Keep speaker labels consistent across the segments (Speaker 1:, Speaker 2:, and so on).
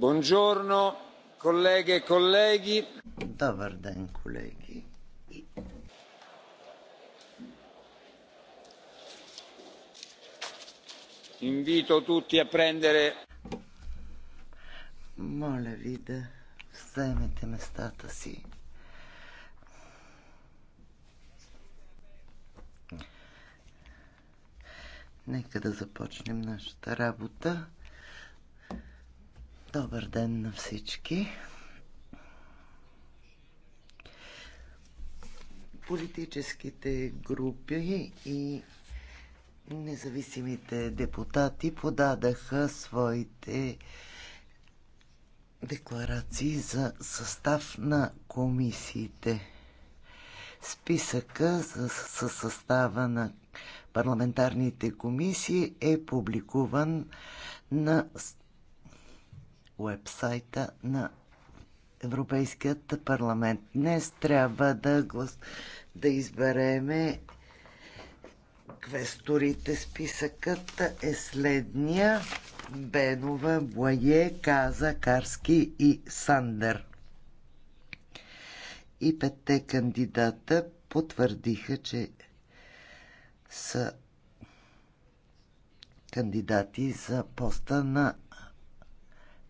Speaker 1: Buongiorno, colleghe e colleghi. Добър ден, колеги. Invito tutti a prendere...
Speaker 2: Моля ви да вземете местата си. Нека да започнем нашата работа. Добър ден на всички. Политическите групи и независимите депутати подадаха своите декларации за състав на комисиите. Списъка със състава на парламентарните комисии е публикуван на уебсайта на Европейският парламент. Днес трябва да, глас... да избереме квесторите. Списъкът е следния. Бенова, Бое, Каза, Карски и Сандър. И петте кандидата потвърдиха, че са кандидати за поста на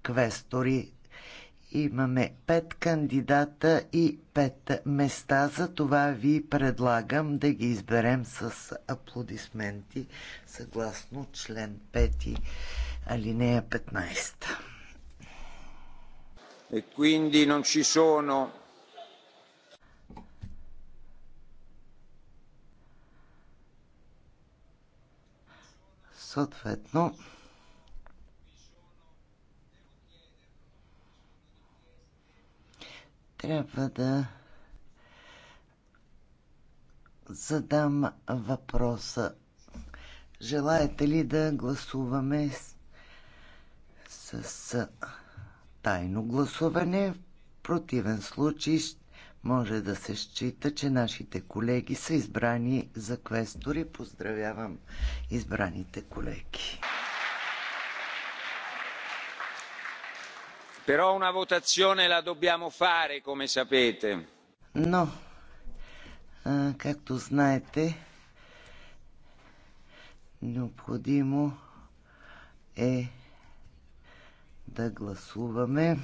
Speaker 2: квестори. Имаме пет кандидата и пет места, за това ви предлагам да ги изберем с аплодисменти, съгласно член 5, алинея 15.
Speaker 1: E quindi non ci sono
Speaker 2: съответно трябва да задам въпроса. Желаете ли да гласуваме с, с, тайно гласуване? В противен случай може да се счита, че нашите колеги са избрани за квестори. Поздравявам
Speaker 1: избраните
Speaker 2: колеги.
Speaker 1: Però una votazione la dobbiamo fare, come sapete.
Speaker 2: Но, а, както знаете, необходимо е да гласуваме.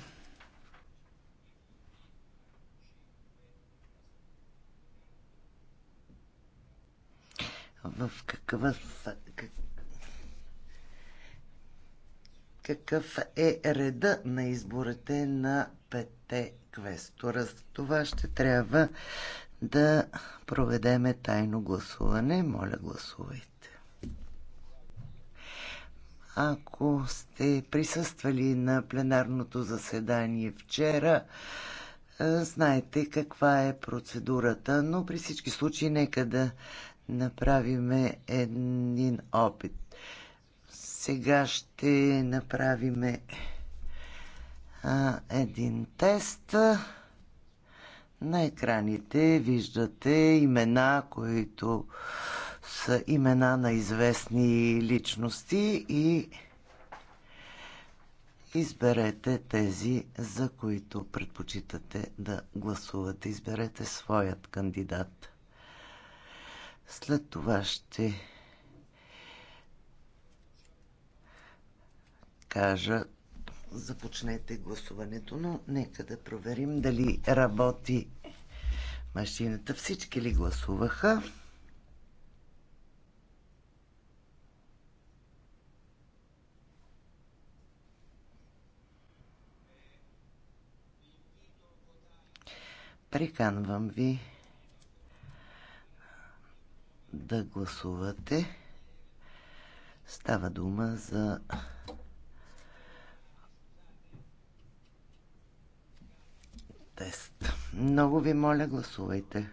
Speaker 2: в какъв какъв е реда на изборите на петте квестора. За това ще трябва да проведеме тайно гласуване. Моля, гласувайте. Ако сте присъствали на пленарното заседание вчера, е, знаете каква е процедурата, но при всички случаи нека да направим един опит. Сега ще направим един тест. На екраните виждате имена, които са имена на известни личности и изберете тези, за които предпочитате да гласувате. Изберете своят кандидат. След това ще кажа започнете гласуването, но нека да проверим дали работи машината. Всички ли гласуваха? Приканвам ви да гласувате. Става дума за тест. Много ви моля, гласувайте.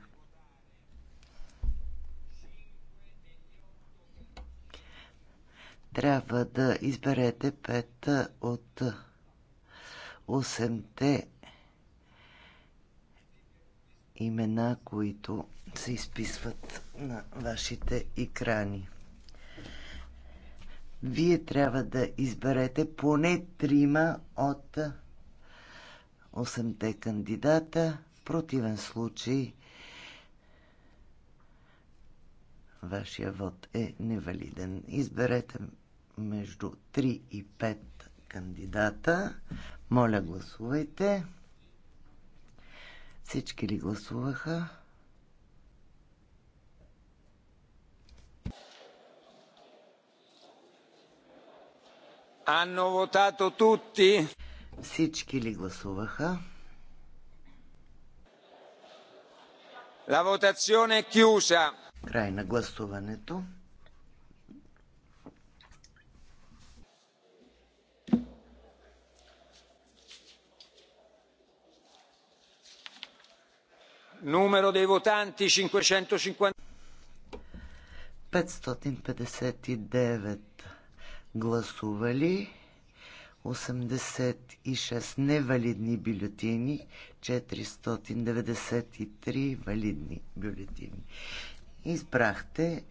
Speaker 2: Трябва да изберете 5 от 8-те имена, които се изписват на вашите екрани. Вие трябва да изберете поне трима от 8-те кандидата. В противен случай вашия вод е невалиден. Изберете между 3 и 5 кандидата. Моля, гласувайте. Всички ли гласуваха?
Speaker 1: Hanno votato tutti? Всички ли гласуваха? La votazione è chiusa. Край на гласуването. Numero dei votanti 550.
Speaker 2: 559 гласували. 86 невалидни бюлетини, 493 валидни бюлетини. Избрахте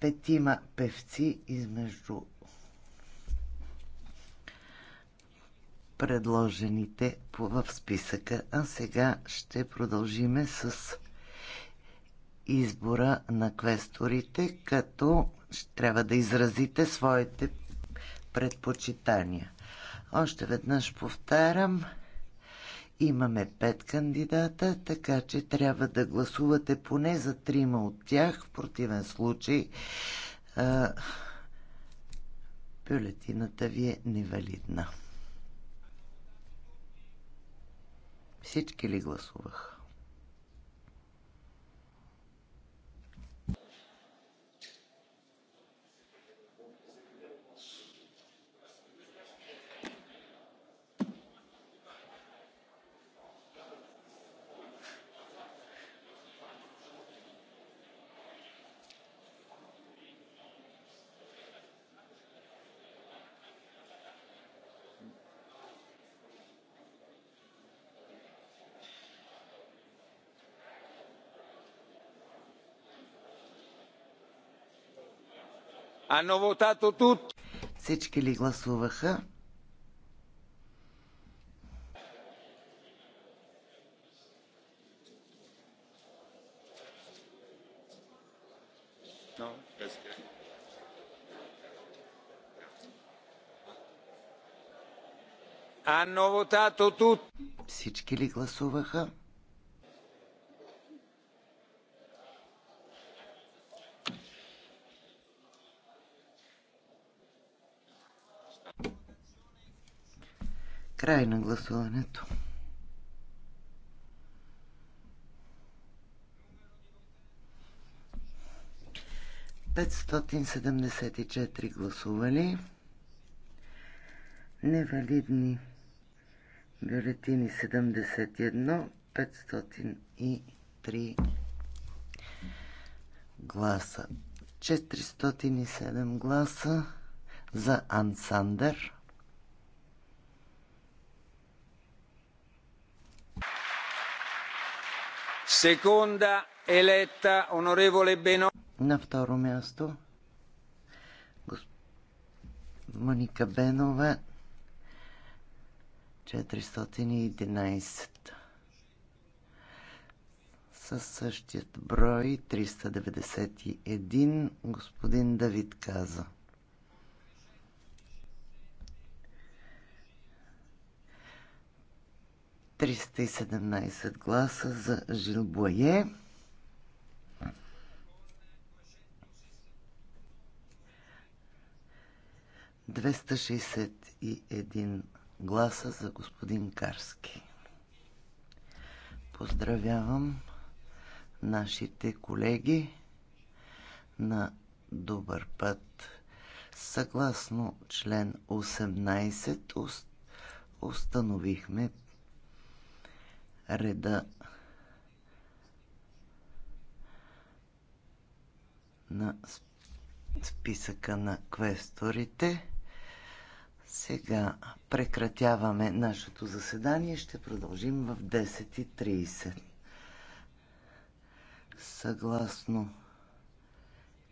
Speaker 2: петима певци измежду предложените в списъка. А сега ще продължиме с избора на квесторите, като ще трябва да изразите своите предпочитания. Още веднъж повтарям, имаме пет кандидата, така че трябва да гласувате поне за трима от тях. В противен случай а, бюлетината ви е невалидна. Всички ли гласуваха?
Speaker 1: Hanno votato tutti.
Speaker 2: Всички ли гласуваха?
Speaker 1: Hanno votato tutti.
Speaker 2: Всички ли гласуваха? Край на гласуването. Петстотин гласували. Невалидни бюлетини 71, 503 гласа. 407 гласа за Ансандър.
Speaker 1: елета, онореволе Бено.
Speaker 2: На второ място Моника Бенова 411 със същият брой 391 господин Давид каза. 317 гласа за Жил Буае. и един гласа за господин Карски. Поздравявам нашите колеги на добър път. Съгласно член 18 установихме реда на списъка на квесторите. Сега прекратяваме нашето заседание. Ще продължим в 10.30. Съгласно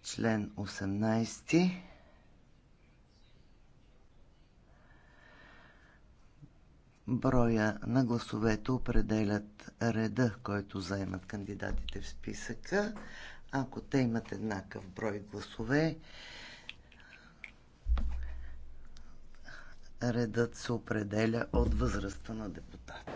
Speaker 2: член 18. броя на гласовете определят реда, който заемат кандидатите в списъка. Ако те имат еднакъв брой гласове, редът се определя от възрастта на депутата.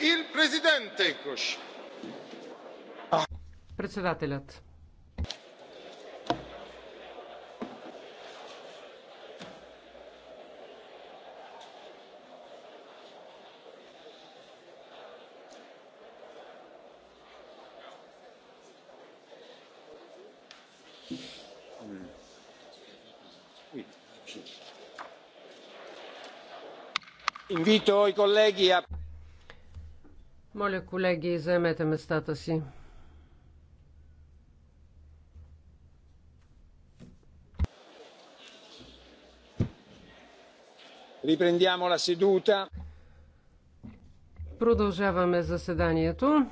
Speaker 2: Il presidente
Speaker 3: Председателят.
Speaker 1: Invito i colleghi a
Speaker 3: моля, колеги, заемете местата си.
Speaker 1: Riprendiamo la seduta.
Speaker 3: Продължаваме заседанието.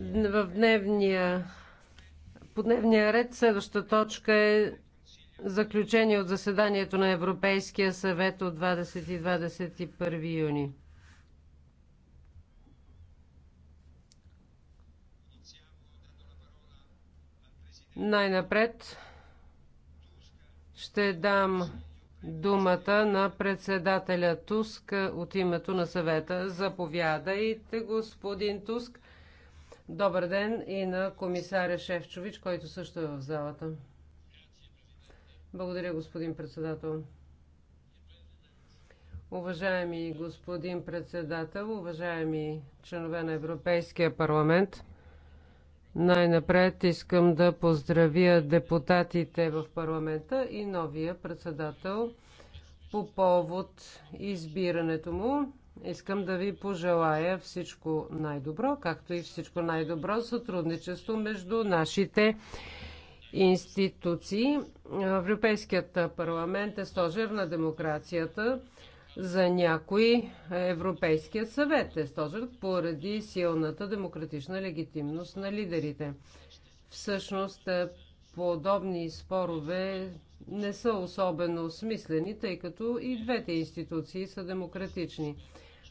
Speaker 3: В дневния, по дневния ред следваща точка е Заключение от заседанието на Европейския съвет от 20 и 21 юни. Най-напред ще дам думата на председателя Туск от името на съвета. Заповядайте, господин Туск. Добър ден и на комисаря Шефчович, който също е в залата. Благодаря, господин председател. Уважаеми господин председател, уважаеми членове на Европейския парламент, най-напред искам да поздравя депутатите в парламента и новия председател по повод избирането му. Искам да ви пожелая всичко най-добро, както и всичко най-добро сътрудничество между нашите институции. Европейският парламент е стожер на демокрацията. За някои Европейският съвет е стожер поради силната демократична легитимност на лидерите. Всъщност, е, подобни спорове не са особено смислени, тъй като и двете институции са демократични.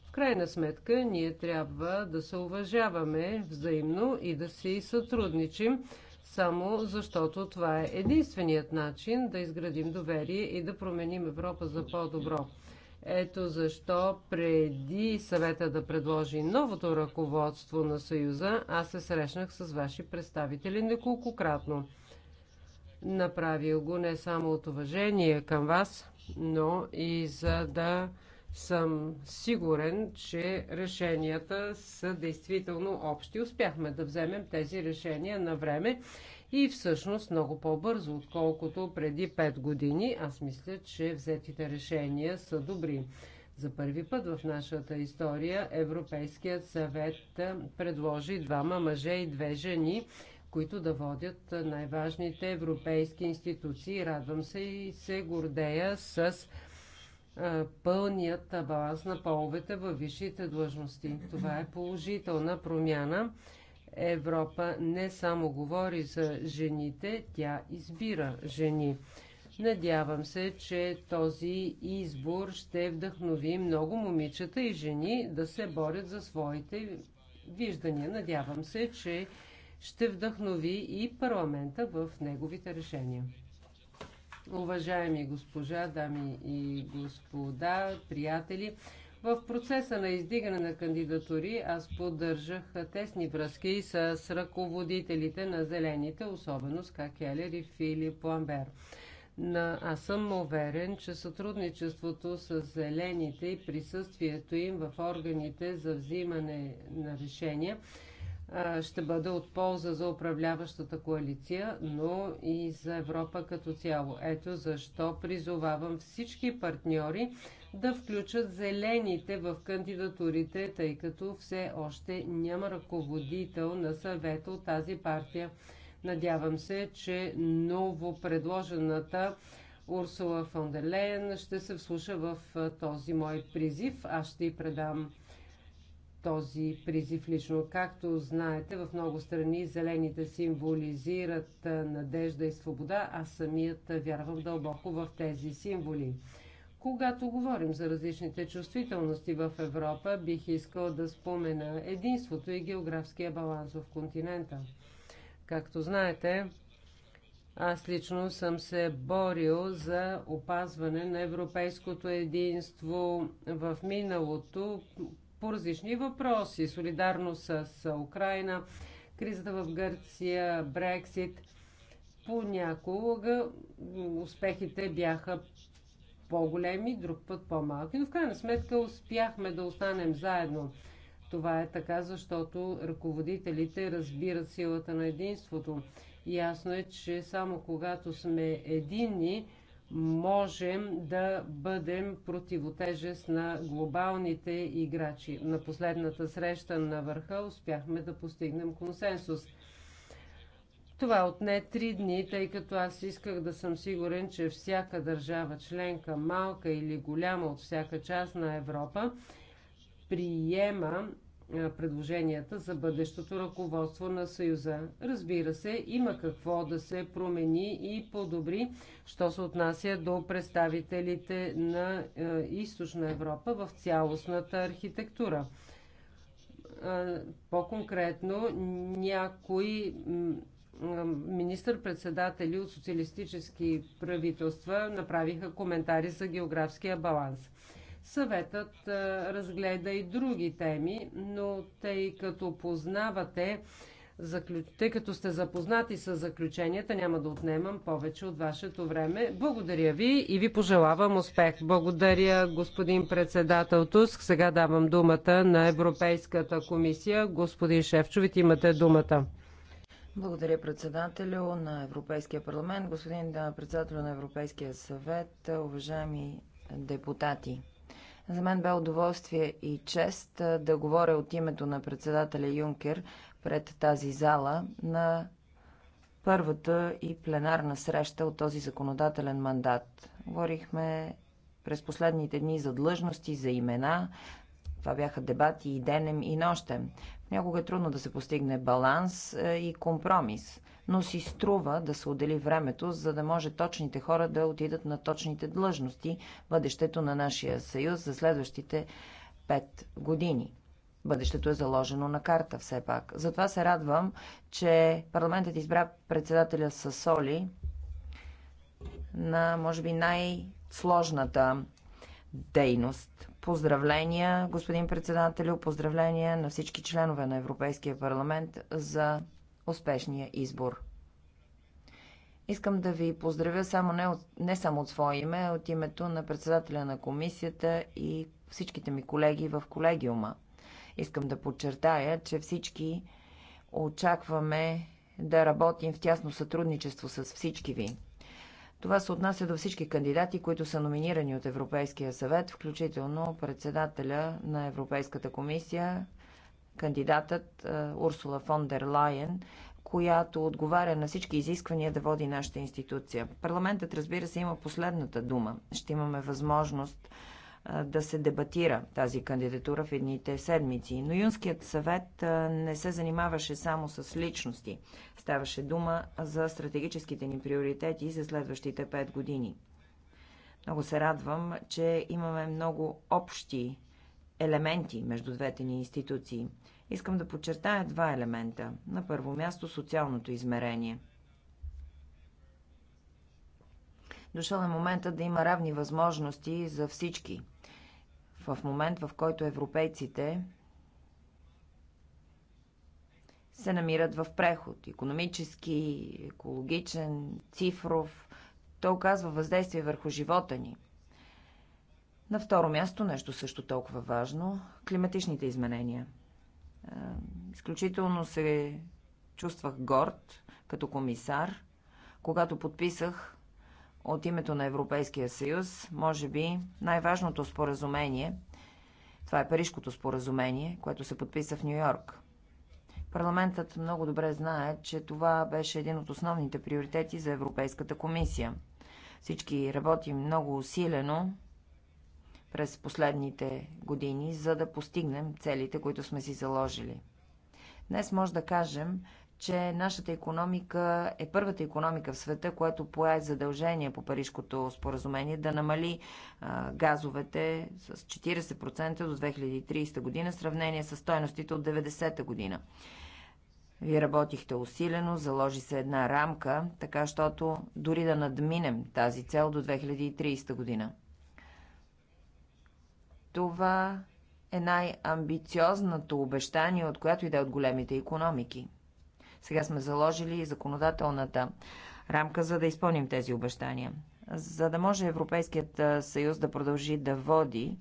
Speaker 3: В крайна сметка, ние трябва да се уважаваме взаимно и да си сътрудничим само защото това е единственият начин да изградим доверие и да променим Европа за по-добро. Ето защо преди съвета да предложи новото ръководство на Съюза, аз се срещнах с ваши представители неколкократно. Направил го не само от уважение към вас, но и за да съм сигурен, че решенията са действително общи. Успяхме да вземем тези решения на време и всъщност много по-бързо, отколкото преди 5 години. Аз мисля, че взетите решения са добри. За първи път в нашата история Европейският съвет предложи двама мъже и две жени, които да водят най-важните европейски институции. Радвам се и се гордея с е, пълният баланс на половете във висшите длъжности. Това е положителна промяна. Европа не само говори за жените, тя избира жени. Надявам се, че този избор ще вдъхнови много момичета и жени да се борят за своите виждания. Надявам се, че ще вдъхнови и парламента в неговите решения. Уважаеми госпожа, дами и господа, приятели, в процеса на издигане на кандидатури аз поддържах тесни връзки с ръководителите на зелените, особено с Кахелер и Филип Ламбер. На, аз съм уверен, че сътрудничеството с зелените и присъствието им в органите за взимане на решения – ще бъде от полза за управляващата коалиция, но и за Европа като цяло. Ето защо призовавам всички партньори да включат зелените в кандидатурите, тъй като все още няма ръководител на съвета от тази партия. Надявам се, че ново предложената Урсула фон Лейен ще се вслуша в този мой призив. Аз ще й предам този призив лично. Както знаете, в много страни зелените символизират надежда и свобода, а самият вярвам дълбоко в тези символи. Когато говорим за различните чувствителности в Европа, бих искал да спомена единството и географския баланс в континента. Както знаете, аз лично съм се борил за опазване на европейското единство в миналото по различни въпроси. Солидарност с Украина, кризата в Гърция, Брексит. Понякога успехите бяха по-големи, друг път по-малки, но в крайна сметка успяхме да останем заедно. Това е така, защото ръководителите разбират силата на единството. Ясно е, че само когато сме единни, можем да бъдем противотежест на глобалните играчи. На последната среща на върха успяхме да постигнем консенсус. Това отне три дни, тъй като аз исках да съм сигурен, че всяка държава членка, малка или голяма от всяка част на Европа, приема предложенията за бъдещото ръководство на Съюза. Разбира се, има какво да се промени и подобри, що се отнася до представителите на Източна Европа в цялостната архитектура. По-конкретно, някои министър-председатели от социалистически правителства направиха коментари за географския баланс. Съветът разгледа и други теми, но тъй като познавате, тъй като сте запознати с заключенията, няма да отнемам повече от вашето време. Благодаря ви и ви пожелавам успех. Благодаря, господин председател Туск. Сега давам думата на Европейската комисия. Господин Шевчовит, имате думата.
Speaker 4: Благодаря председателю на Европейския парламент, господин председател на Европейския съвет, уважаеми депутати. За мен бе удоволствие и чест да говоря от името на председателя Юнкер пред тази зала на първата и пленарна среща от този законодателен мандат. Говорихме през последните дни за длъжности, за имена. Това бяха дебати и денем, и нощем. Някога е трудно да се постигне баланс и компромис но си струва да се отдели времето, за да може точните хора да отидат на точните длъжности, бъдещето на нашия съюз за следващите пет години. Бъдещето е заложено на карта все пак. Затова се радвам, че парламентът избра председателя Сасоли на, може би, най-сложната дейност. Поздравления, господин председателю, поздравления на всички членове на Европейския парламент за успешния избор. Искам да ви поздравя само не, от, не само от свое име, а от името на председателя на комисията и всичките ми колеги в колегиума. Искам да подчертая, че всички очакваме да работим в тясно сътрудничество с всички ви. Това се отнася до всички кандидати, които са номинирани от Европейския съвет, включително председателя на Европейската комисия, кандидатът е, Урсула фон дер Лайен, която отговаря на всички изисквания да води нашата институция. Парламентът, разбира се, има последната дума. Ще имаме възможност е, да се дебатира тази кандидатура в едните седмици. Но Юнският съвет е, не се занимаваше само с личности. Ставаше дума за стратегическите ни приоритети за следващите пет години. Много се радвам, че имаме много общи елементи между двете ни институции. Искам да подчертая два елемента. На първо място социалното измерение. Дошъл е момента да има равни възможности за всички. В момент, в който европейците се намират в преход. Економически, екологичен, цифров. То оказва въздействие върху живота ни. На второ място, нещо също толкова важно – климатичните изменения – Изключително се чувствах горд като комисар, когато подписах от името на Европейския съюз, може би най-важното споразумение. Това е Парижкото споразумение, което се подписа в Нью Йорк. Парламентът много добре знае, че това беше един от основните приоритети за Европейската комисия. Всички работим много усилено през последните години, за да постигнем целите, които сме си заложили. Днес може да кажем, че нашата економика е първата економика в света, която пое задължение по Парижкото споразумение да намали а, газовете с 40% до 2030 година, в сравнение с стойностите от 90-та година. Вие работихте усилено, заложи се една рамка, така щото дори да надминем тази цел до 2030 година. Това е най-амбициозното обещание, от която и да е от големите економики. Сега сме заложили законодателната рамка, за да изпълним тези обещания. За да може Европейският съюз да продължи да води,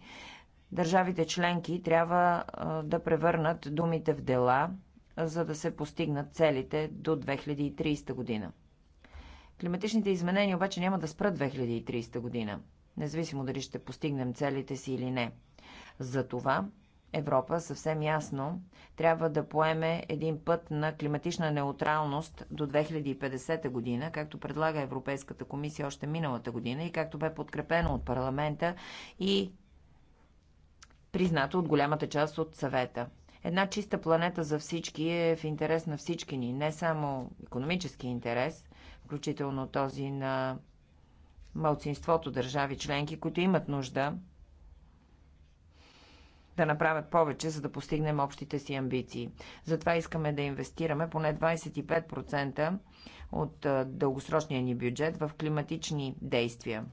Speaker 4: държавите членки трябва да превърнат думите в дела, за да се постигнат целите до 2030 година. Климатичните изменения обаче няма да спрат 2030 година независимо дали ще постигнем целите си или не. Затова Европа съвсем ясно трябва да поеме един път на климатична неутралност до 2050 година, както предлага Европейската комисия още миналата година и както бе подкрепено от парламента и признато от голямата част от съвета. Една чиста планета за всички е в интерес на всички ни, не само економически интерес, включително този на мълцинството държави членки, които имат нужда да направят повече, за да постигнем общите си амбиции. Затова искаме да инвестираме поне 25% от дългосрочния ни бюджет в климатични действия.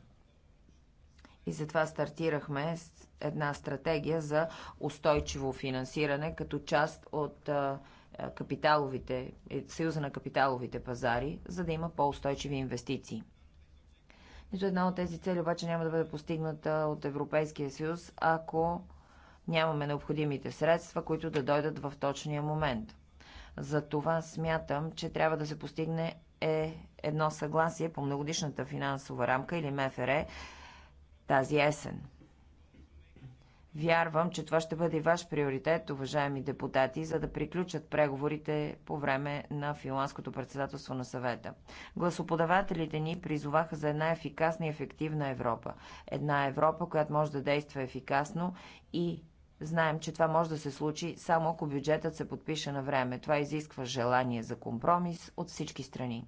Speaker 4: И затова стартирахме една стратегия за устойчиво финансиране като част от капиталовите, е, Съюза на капиталовите пазари, за да има по-устойчиви инвестиции. Нито една от тези цели обаче няма да бъде постигната от Европейския съюз, ако нямаме необходимите средства, които да дойдат в точния момент. За това смятам, че трябва да се постигне е едно съгласие по многодишната финансова рамка или МФР тази есен. Вярвам, че това ще бъде ваш приоритет, уважаеми депутати, за да приключат преговорите по време на финландското председателство на съвета. Гласоподавателите ни призоваха за една ефикасна и ефективна Европа. Една Европа, която може да действа ефикасно и Знаем, че това може да се случи само ако бюджетът се подпише на време. Това изисква желание за компромис от всички страни.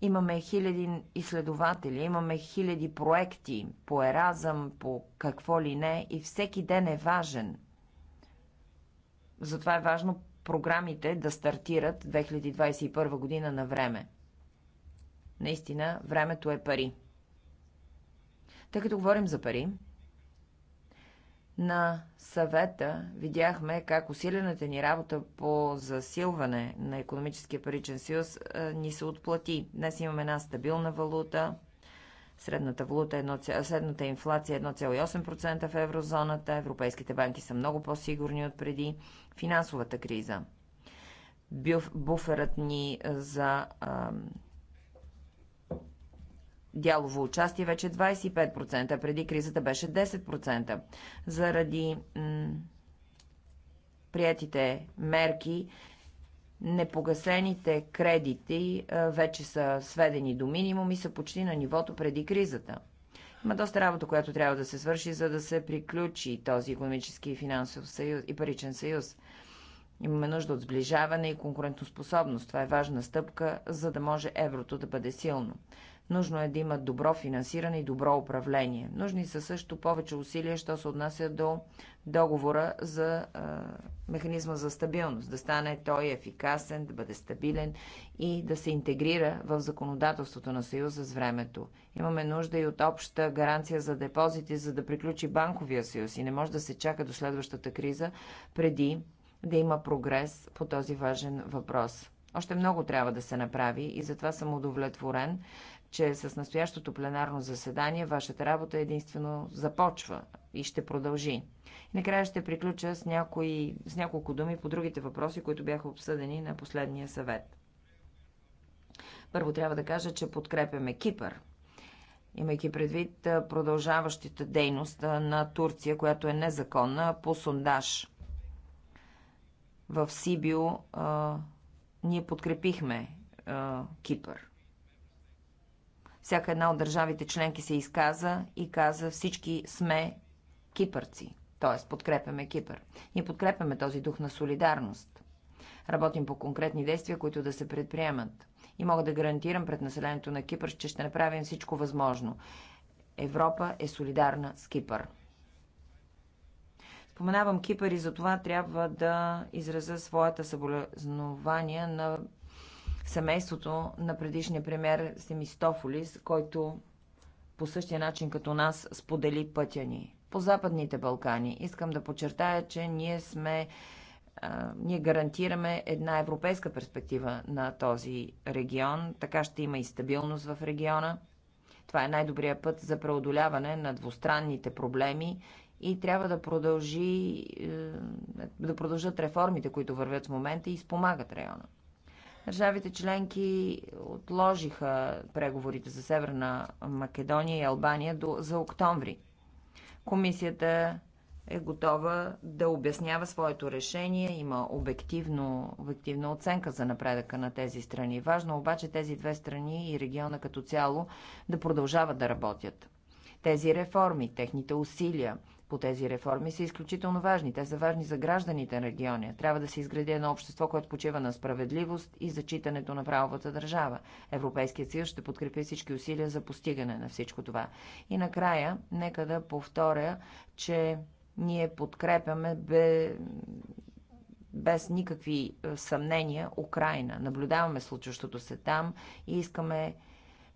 Speaker 4: Имаме хиляди изследователи, имаме хиляди проекти по еразъм, по какво ли не и всеки ден е важен. Затова е важно програмите да стартират 2021 година на време. Наистина, времето е пари. Тъй като говорим за пари, на съвета видяхме как усилената ни работа по засилване на економическия паричен съюз ни се отплати. Днес имаме една стабилна валута, средната, валута е едно, средната инфлация е 1,8% в еврозоната, европейските банки са много по-сигурни от преди финансовата криза. буферът ни за а, дялово участие вече 25%, преди кризата беше 10%. Заради приятите мерки, непогасените кредити вече са сведени до минимум и са почти на нивото преди кризата. Има доста работа, която трябва да се свърши, за да се приключи този економически и финансов съюз и паричен съюз. Имаме нужда от сближаване и конкурентоспособност. Това е важна стъпка, за да може еврото да бъде силно. Нужно е да имат добро финансиране и добро управление. Нужни са също повече усилия, що се отнася до договора за а, механизма за стабилност. Да стане той ефикасен, да бъде стабилен и да се интегрира в законодателството на Съюза с времето. Имаме нужда и от обща гаранция за депозити, за да приключи банковия съюз и не може да се чака до следващата криза преди да има прогрес по този важен въпрос. Още много трябва да се направи и затова съм удовлетворен, че с настоящото пленарно заседание вашата работа единствено започва и ще продължи. И накрая ще приключа с, някои, с няколко думи по другите въпроси, които бяха обсъдени на последния съвет. Първо трябва да кажа, че подкрепяме Кипър, имайки предвид продължаващата дейност на Турция, която е незаконна по сондаж. В Сибио а, ние подкрепихме а, Кипър всяка една от държавите членки се изказа и каза всички сме кипърци, т.е. подкрепяме Кипър. Ние подкрепяме този дух на солидарност. Работим по конкретни действия, които да се предприемат. И мога да гарантирам пред населението на Кипър, че ще направим всичко възможно. Европа е солидарна с Кипър. Споменавам Кипър и за това трябва да изразя своята съболезнование на семейството на предишния премьер Семистофолис, който по същия начин като нас сподели пътя ни. По Западните Балкани искам да подчертая, че ние сме ние гарантираме една европейска перспектива на този регион. Така ще има и стабилност в региона. Това е най-добрият път за преодоляване на двустранните проблеми и трябва да, продължи, е, да продължат реформите, които вървят в момента и спомагат района. Държавите членки отложиха преговорите за Северна Македония и Албания до, за октомври. Комисията е готова да обяснява своето решение. Има обективно, обективна оценка за напредъка на тези страни. Важно е обаче тези две страни и региона като цяло да продължават да работят. Тези реформи, техните усилия по тези реформи са изключително важни. Те са важни за гражданите на региона. Трябва да се изгради едно общество, което почива на справедливост и зачитането на правовата държава. Европейският съюз ще подкрепи всички усилия за постигане на всичко това. И накрая, нека да повторя, че ние подкрепяме бе без никакви е, съмнения Украина. Наблюдаваме случващото се там и искаме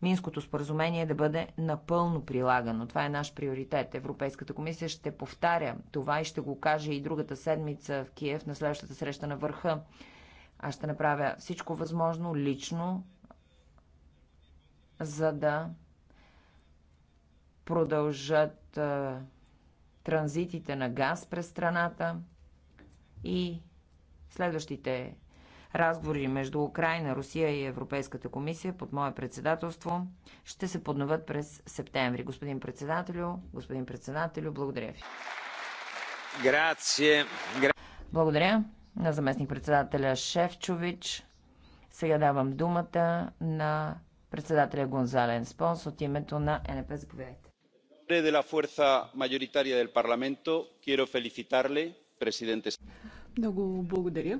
Speaker 4: Минското споразумение да бъде напълно прилагано. Това е наш приоритет. Европейската комисия ще повтаря това и ще го каже и другата седмица в Киев на следващата среща на върха. Аз ще направя всичко възможно лично, за да продължат транзитите на газ през страната и следващите Разговори между Украина, Русия и Европейската комисия под мое председателство ще се подноват през септември. Господин председателю, господин председателю, благодаря ви.
Speaker 1: Грация.
Speaker 4: Благодаря на заместник-председателя Шефчович. Сега давам думата на председателя Гонзален Спонс от името на НП. Заповядайте.
Speaker 1: De la fuerza mayoritaria del Parlamento, quiero
Speaker 5: felicitarle, presidente.
Speaker 4: Много благодаря.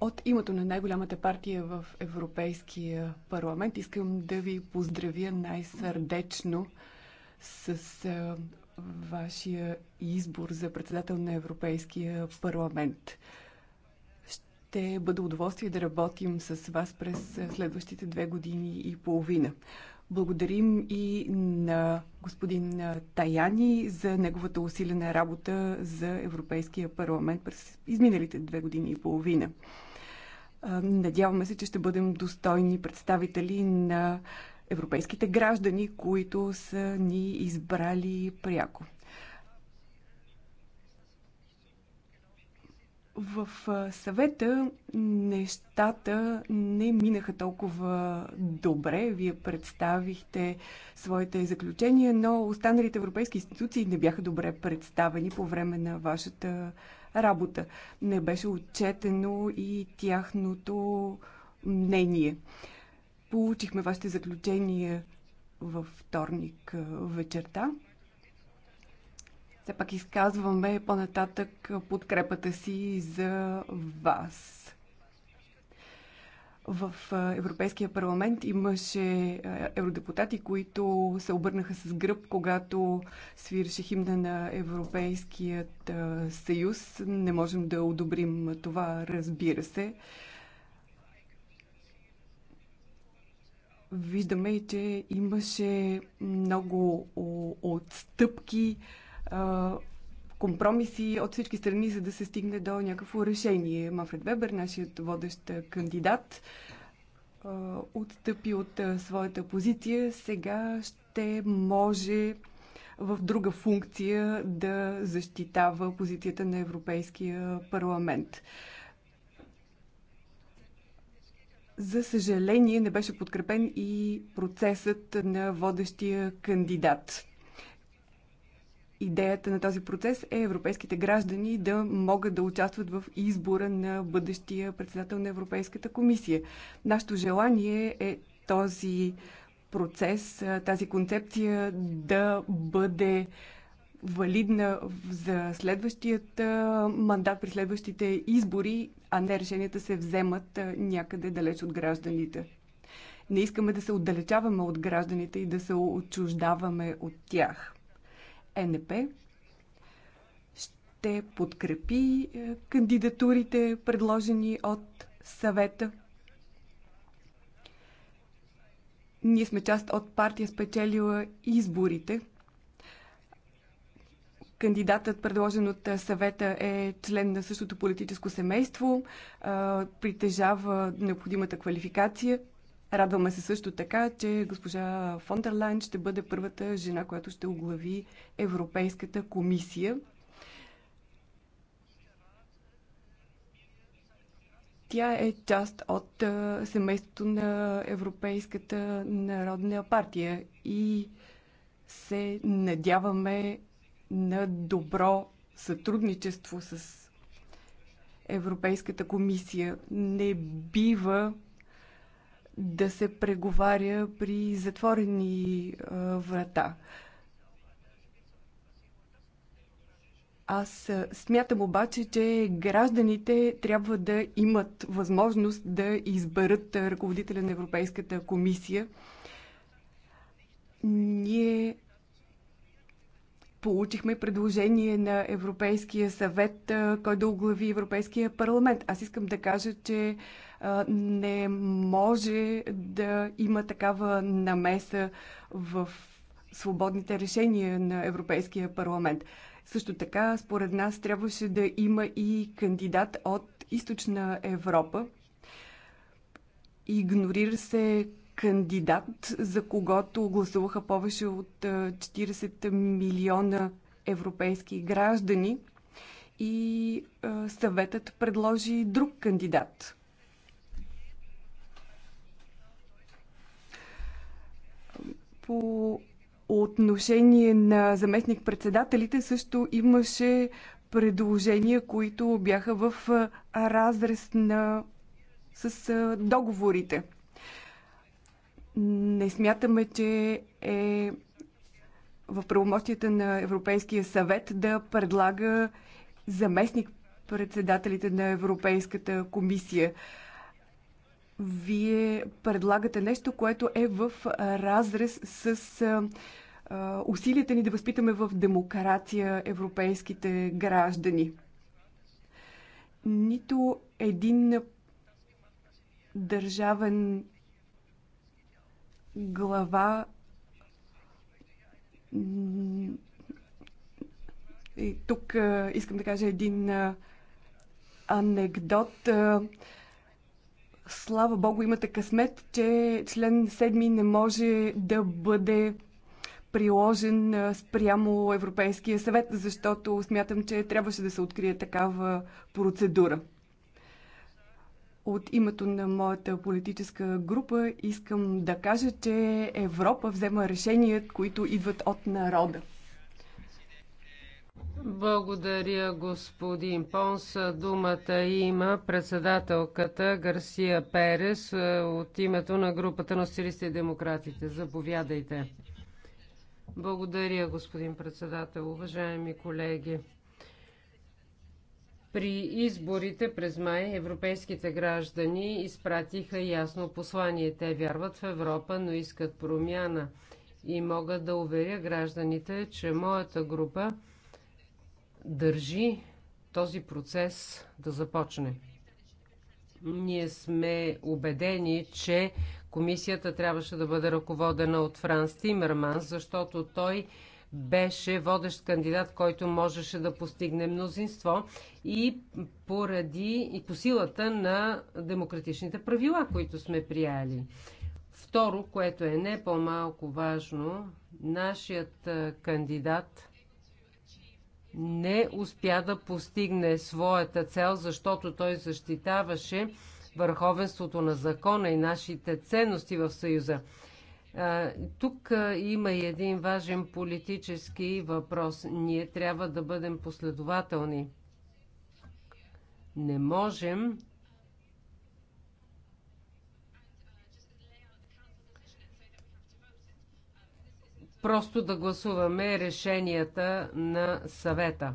Speaker 4: От името на най-голямата
Speaker 6: партия в Европейския парламент искам да ви поздравя най-сърдечно с вашия избор за председател на Европейския парламент. Ще бъде удоволствие да работим с вас през следващите две години и половина. Благодарим и на господин Таяни за неговата усилена работа за Европейския парламент през изминалите две години и половина. Надяваме се, че ще бъдем достойни представители на европейските граждани, които са ни избрали пряко. В съвета нещата не минаха толкова добре. Вие представихте своите заключения, но останалите европейски институции не бяха добре представени по време на вашата работа. Не беше отчетено и тяхното мнение. Получихме вашите заключения във вторник вечерта все пак изказваме по-нататък подкрепата си за вас. В Европейския парламент имаше евродепутати, които се обърнаха с гръб, когато свиреше химна на Европейският съюз. Не можем да одобрим това, разбира се. Виждаме, че имаше много отстъпки, компромиси от всички страни, за да се стигне до някакво решение. Мафред Вебер, нашият водещ кандидат, отстъпи от своята позиция. Сега ще може в друга функция да защитава позицията на Европейския парламент. За съжаление, не беше подкрепен и процесът на водещия кандидат идеята на този процес е европейските граждани да могат да участват в избора на бъдещия председател на Европейската комисия. Нашето желание е този процес, тази концепция да бъде валидна за следващият мандат при следващите избори, а не решенията се вземат някъде далеч от гражданите. Не искаме да се отдалечаваме от гражданите и да се отчуждаваме от тях. ЕНП ще подкрепи е, кандидатурите, предложени от съвета. Ние сме част от партия спечелила изборите. Кандидатът, предложен от е, съвета, е член на същото политическо семейство, е, притежава необходимата квалификация, Радваме се също така, че госпожа Фондерлайн ще бъде първата жена, която ще оглави Европейската комисия. Тя е част от семейството на Европейската народна партия и се надяваме на добро сътрудничество с Европейската комисия. Не бива да се преговаря при затворени врата. Аз смятам обаче, че гражданите трябва да имат възможност да изберат ръководителя на Европейската комисия. Ние получихме предложение на Европейския съвет, който да оглави Европейския парламент. Аз искам да кажа, че не може да има такава намеса в свободните решения на Европейския парламент. Също така, според нас, трябваше да има и кандидат от източна Европа. Игнорира се кандидат, за когото гласуваха повече от 40 милиона европейски граждани и съветът предложи друг кандидат. По отношение на заместник-председателите също имаше предложения, които бяха в разрез на, с договорите. Не смятаме, че е в правомощията на Европейския съвет да предлага заместник председателите на Европейската комисия. Вие предлагате нещо, което е в разрез с усилията ни да възпитаме в демокрация европейските граждани. Нито един държавен глава и тук искам да кажа един анекдот Слава Богу, имате късмет, че член 7 не може да бъде приложен спрямо Европейския съвет, защото смятам, че трябваше да се открие такава процедура. От името на моята политическа група искам да кажа, че Европа взема решения, които идват от народа.
Speaker 3: Благодаря, господин Понс. Думата има председателката Гарсия Перес е, от името на групата на стилисти и демократите. Заповядайте. Благодаря, господин председател. Уважаеми колеги, при изборите през май европейските граждани изпратиха ясно послание. Те вярват в Европа, но искат промяна. И мога да уверя гражданите, че моята група – държи този процес да започне. Ние сме убедени, че комисията трябваше да бъде ръководена от Франс Тимерман, защото той беше водещ кандидат, който можеше да постигне мнозинство и поради и по силата на демократичните правила, които сме прияли. Второ, което е не по-малко важно, нашият кандидат не успя да постигне своята цел, защото той защитаваше върховенството на закона и нашите ценности в Съюза. Тук има и един важен политически въпрос. Ние трябва да бъдем последователни. Не можем просто да гласуваме решенията на съвета.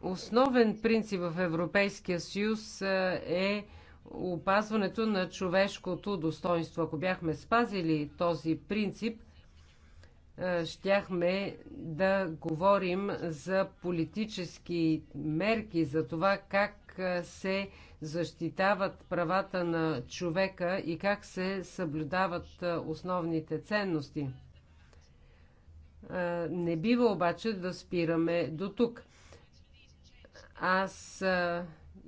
Speaker 3: Основен принцип в Европейския съюз е опазването на човешкото достоинство. Ако бяхме спазили този принцип, щяхме да говорим за политически мерки, за това как се защитават правата на човека и как се съблюдават основните ценности. Не бива обаче да спираме до тук. Аз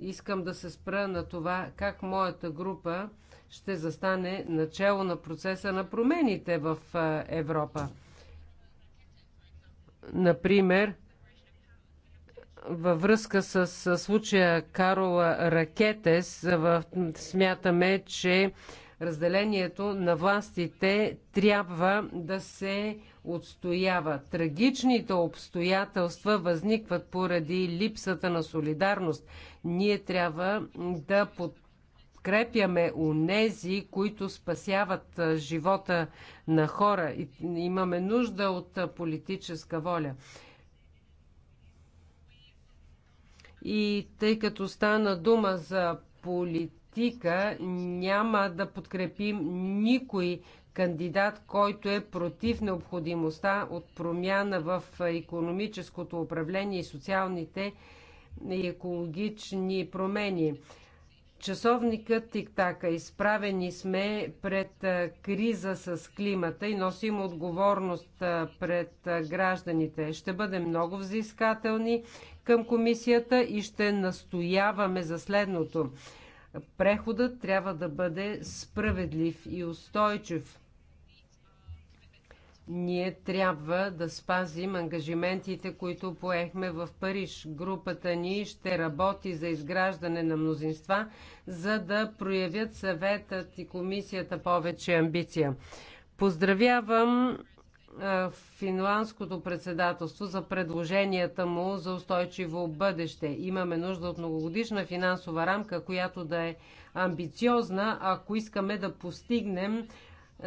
Speaker 3: искам да се спра на това как моята група ще застане начало на процеса на промените в Европа. Например, във връзка с случая Карола Ракетес, смятаме, че разделението на властите трябва да се отстоява. Трагичните обстоятелства възникват поради липсата на солидарност. Ние трябва да подкрепяме унези, които спасяват живота на хора. Имаме нужда от политическа воля. И тъй като стана дума за политика, няма да подкрепим никой кандидат, който е против необходимостта от промяна в економическото управление и социалните и екологични промени. Часовникът тиктака. Изправени сме пред криза с климата и носим отговорност пред гражданите. Ще бъдем много взискателни към комисията и ще настояваме за следното. Преходът трябва да бъде справедлив и устойчив. Ние трябва да спазим ангажиментите, които поехме в Париж. Групата ни ще работи за изграждане на мнозинства, за да проявят съветът и комисията повече амбиция. Поздравявам е, финландското председателство за предложенията му за устойчиво бъдеще. Имаме нужда от многогодишна финансова рамка, която да е амбициозна, ако искаме да постигнем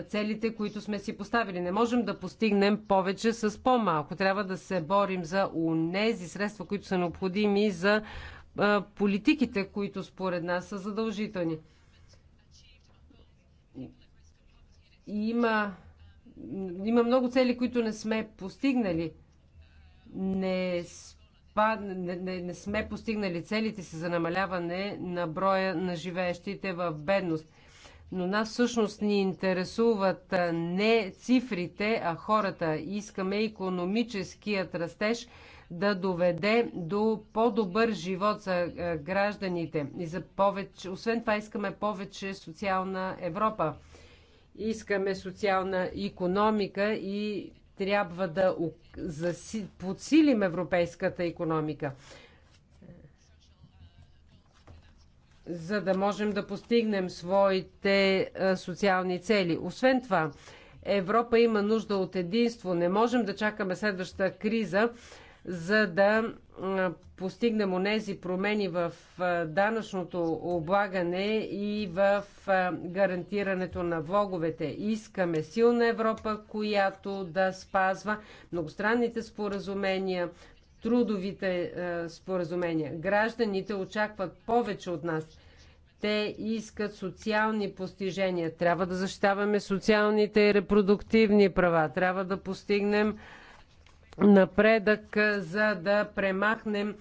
Speaker 3: целите, които сме си поставили. Не можем да постигнем повече с по-малко. Трябва да се борим за унези средства, които са необходими за е, политиките, които според нас са задължителни. Има има много цели, които не сме постигнали. Не, спа, не, не, не сме постигнали целите си за намаляване на броя на живеещите в бедност. Но нас всъщност ни интересуват не цифрите, а хората. Искаме економическият растеж да доведе до по-добър живот за гражданите. И за повече, освен това искаме повече социална Европа. Искаме социална економика и трябва да подсилим европейската економика. за да можем да постигнем своите социални цели. Освен това, Европа има нужда от единство. Не можем да чакаме следваща криза, за да постигнем онези промени в данъчното облагане и в гарантирането на влоговете. Искаме силна Европа, която да спазва многостранните споразумения, трудовите споразумения. Гражданите очакват повече от нас. Те искат социални постижения. Трябва да защитаваме социалните и репродуктивни права. Трябва да постигнем напредък, за да премахнем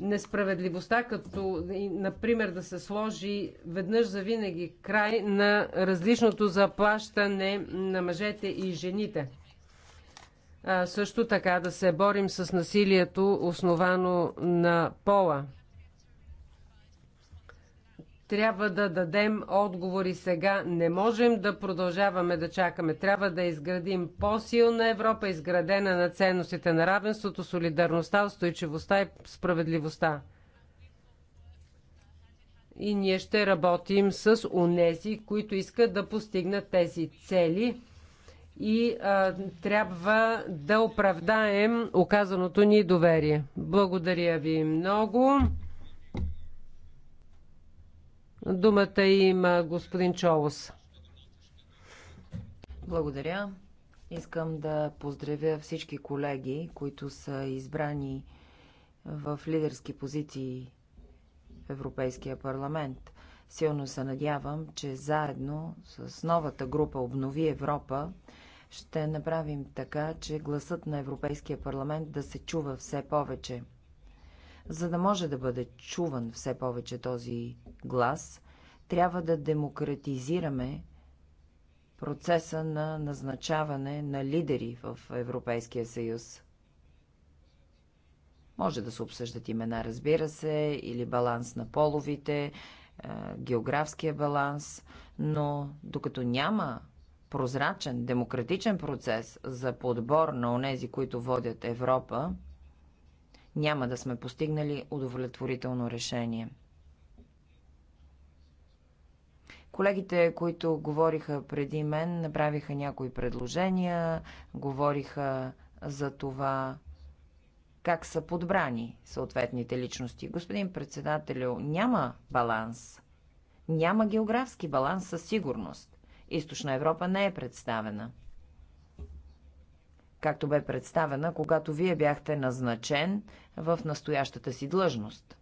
Speaker 3: несправедливостта, като, например, да се сложи веднъж за винаги край на различното заплащане на мъжете и жените. А, също така да се борим с насилието, основано на пола трябва да дадем отговори сега. Не можем да продължаваме да чакаме. Трябва да изградим по-силна Европа, изградена на ценностите на равенството, солидарността, устойчивостта и справедливостта. И ние ще работим с унези, които искат да постигнат тези цели и а, трябва да оправдаем оказаното ни доверие. Благодаря ви много. Думата има господин Чолос.
Speaker 4: Благодаря. Искам да поздравя всички колеги, които са избрани в лидерски позиции в Европейския парламент. Силно се надявам, че заедно с новата група Обнови Европа ще направим така, че гласът на Европейския парламент да се чува все повече. За да може да бъде чуван все повече този глас, трябва да демократизираме процеса на назначаване на лидери в Европейския съюз. Може да се обсъждат имена, разбира се, или баланс на половите, е, географския баланс, но докато няма прозрачен, демократичен процес за подбор на онези, които водят Европа, няма да сме постигнали удовлетворително решение – Колегите, които говориха преди мен, направиха някои предложения, говориха за това как са подбрани съответните личности. Господин председателю, няма баланс. Няма географски баланс със сигурност. Източна Европа не е представена. Както бе представена, когато вие бяхте назначен в настоящата си длъжност –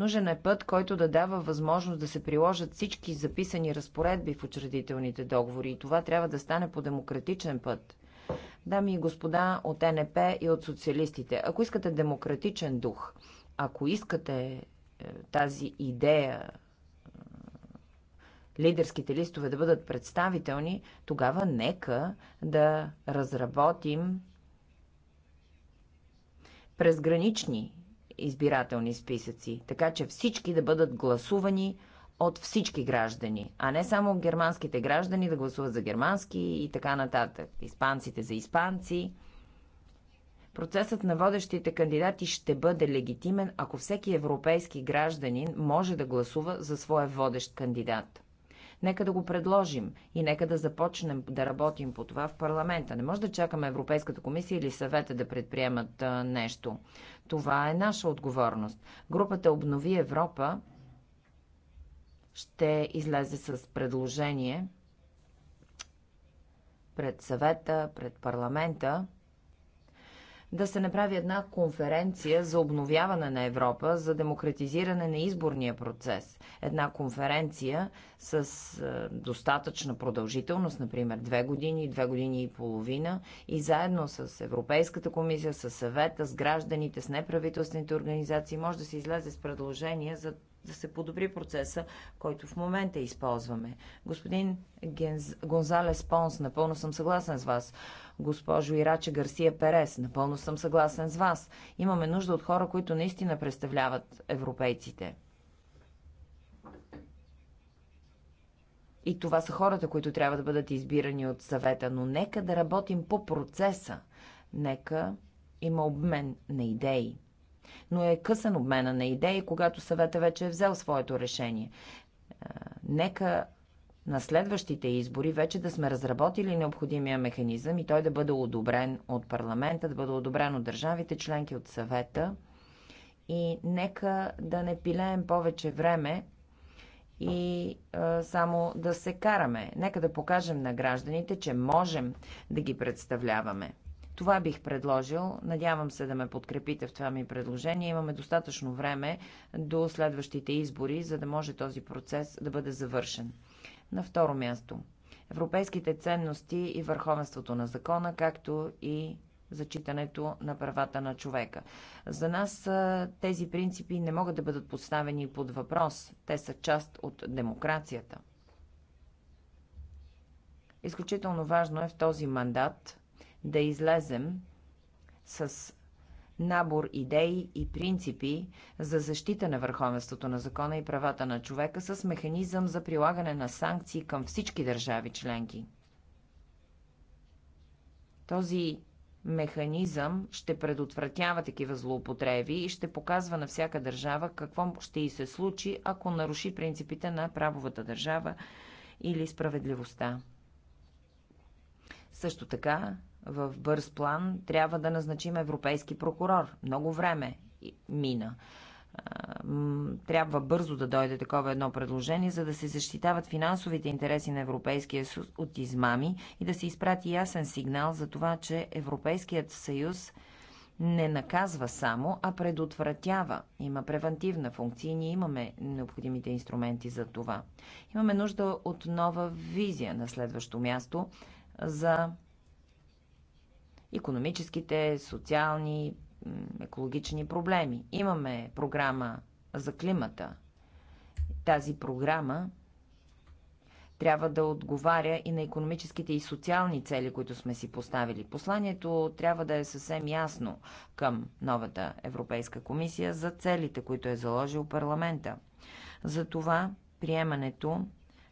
Speaker 4: Нужен е път, който да дава възможност да се приложат всички записани разпоредби в учредителните договори и това трябва да стане по демократичен път. Дами и господа от НП и от социалистите, ако искате демократичен дух, ако искате е, тази идея е, лидерските листове да бъдат представителни, тогава нека да разработим презгранични избирателни списъци, така че всички да бъдат гласувани от всички граждани, а не само германските граждани да гласуват за германски и така нататък, испанците за испанци. Процесът на водещите кандидати ще бъде легитимен, ако всеки европейски гражданин може да гласува за своя водещ кандидат. Нека да го предложим и нека да започнем да работим по това в парламента. Не може да чакаме Европейската комисия или съвета да предприемат нещо. Това е наша отговорност. Групата Обнови Европа ще излезе с предложение пред съвета, пред парламента да се направи една конференция за обновяване на Европа, за демократизиране на изборния процес. Една конференция с е, достатъчна продължителност, например две години, две години и половина, и заедно с Европейската комисия, с съвета, с гражданите, с неправителствените организации, може да се излезе с предложения за да се подобри процеса, който в момента използваме. Господин Генз... Гонзалес Понс, напълно съм съгласен с вас. Госпожо Ираче Гарсия Перес, напълно съм съгласен с вас. Имаме нужда от хора, които наистина представляват европейците. И това са хората, които трябва да бъдат избирани от съвета, но нека да работим по процеса. Нека има обмен на идеи но е късен обмена на идеи, когато съвета вече е взел своето решение. Е, нека на следващите избори вече да сме разработили необходимия механизъм и той да бъде одобрен от парламента, да бъде одобрен от държавите членки, от съвета. И нека да не пилеем повече време и а, е, само да се караме. Нека да покажем на гражданите, че можем да ги представляваме. Това бих предложил. Надявам се да ме подкрепите в това ми предложение. Имаме достатъчно време до следващите избори, за да може този процес да бъде завършен. На второ място. Европейските ценности и върховенството на закона, както и зачитането на правата на човека. За нас тези принципи не могат да бъдат поставени под въпрос. Те са част от демокрацията. Изключително важно е в този мандат да излезем с набор идеи и принципи за защита на върховенството на закона и правата на човека с механизъм за прилагане на санкции към всички държави членки. Този механизъм ще предотвратява такива злоупотреби и ще показва на всяка държава какво ще й се случи, ако наруши принципите на правовата държава или справедливостта. Също така в бърз план трябва да назначим европейски прокурор. Много време мина. Трябва бързо да дойде такова едно предложение, за да се защитават финансовите интереси на Европейския съюз от измами и да се изпрати ясен сигнал за това, че Европейският съюз не наказва само, а предотвратява. Има превентивна функция и ние имаме необходимите инструменти за това. Имаме нужда от нова визия на следващо място за економическите, социални, екологични проблеми. Имаме програма за климата. Тази програма трябва да отговаря и на економическите и социални цели, които сме си поставили. Посланието трябва да е съвсем ясно към новата Европейска комисия за целите, които е заложил парламента. Затова приемането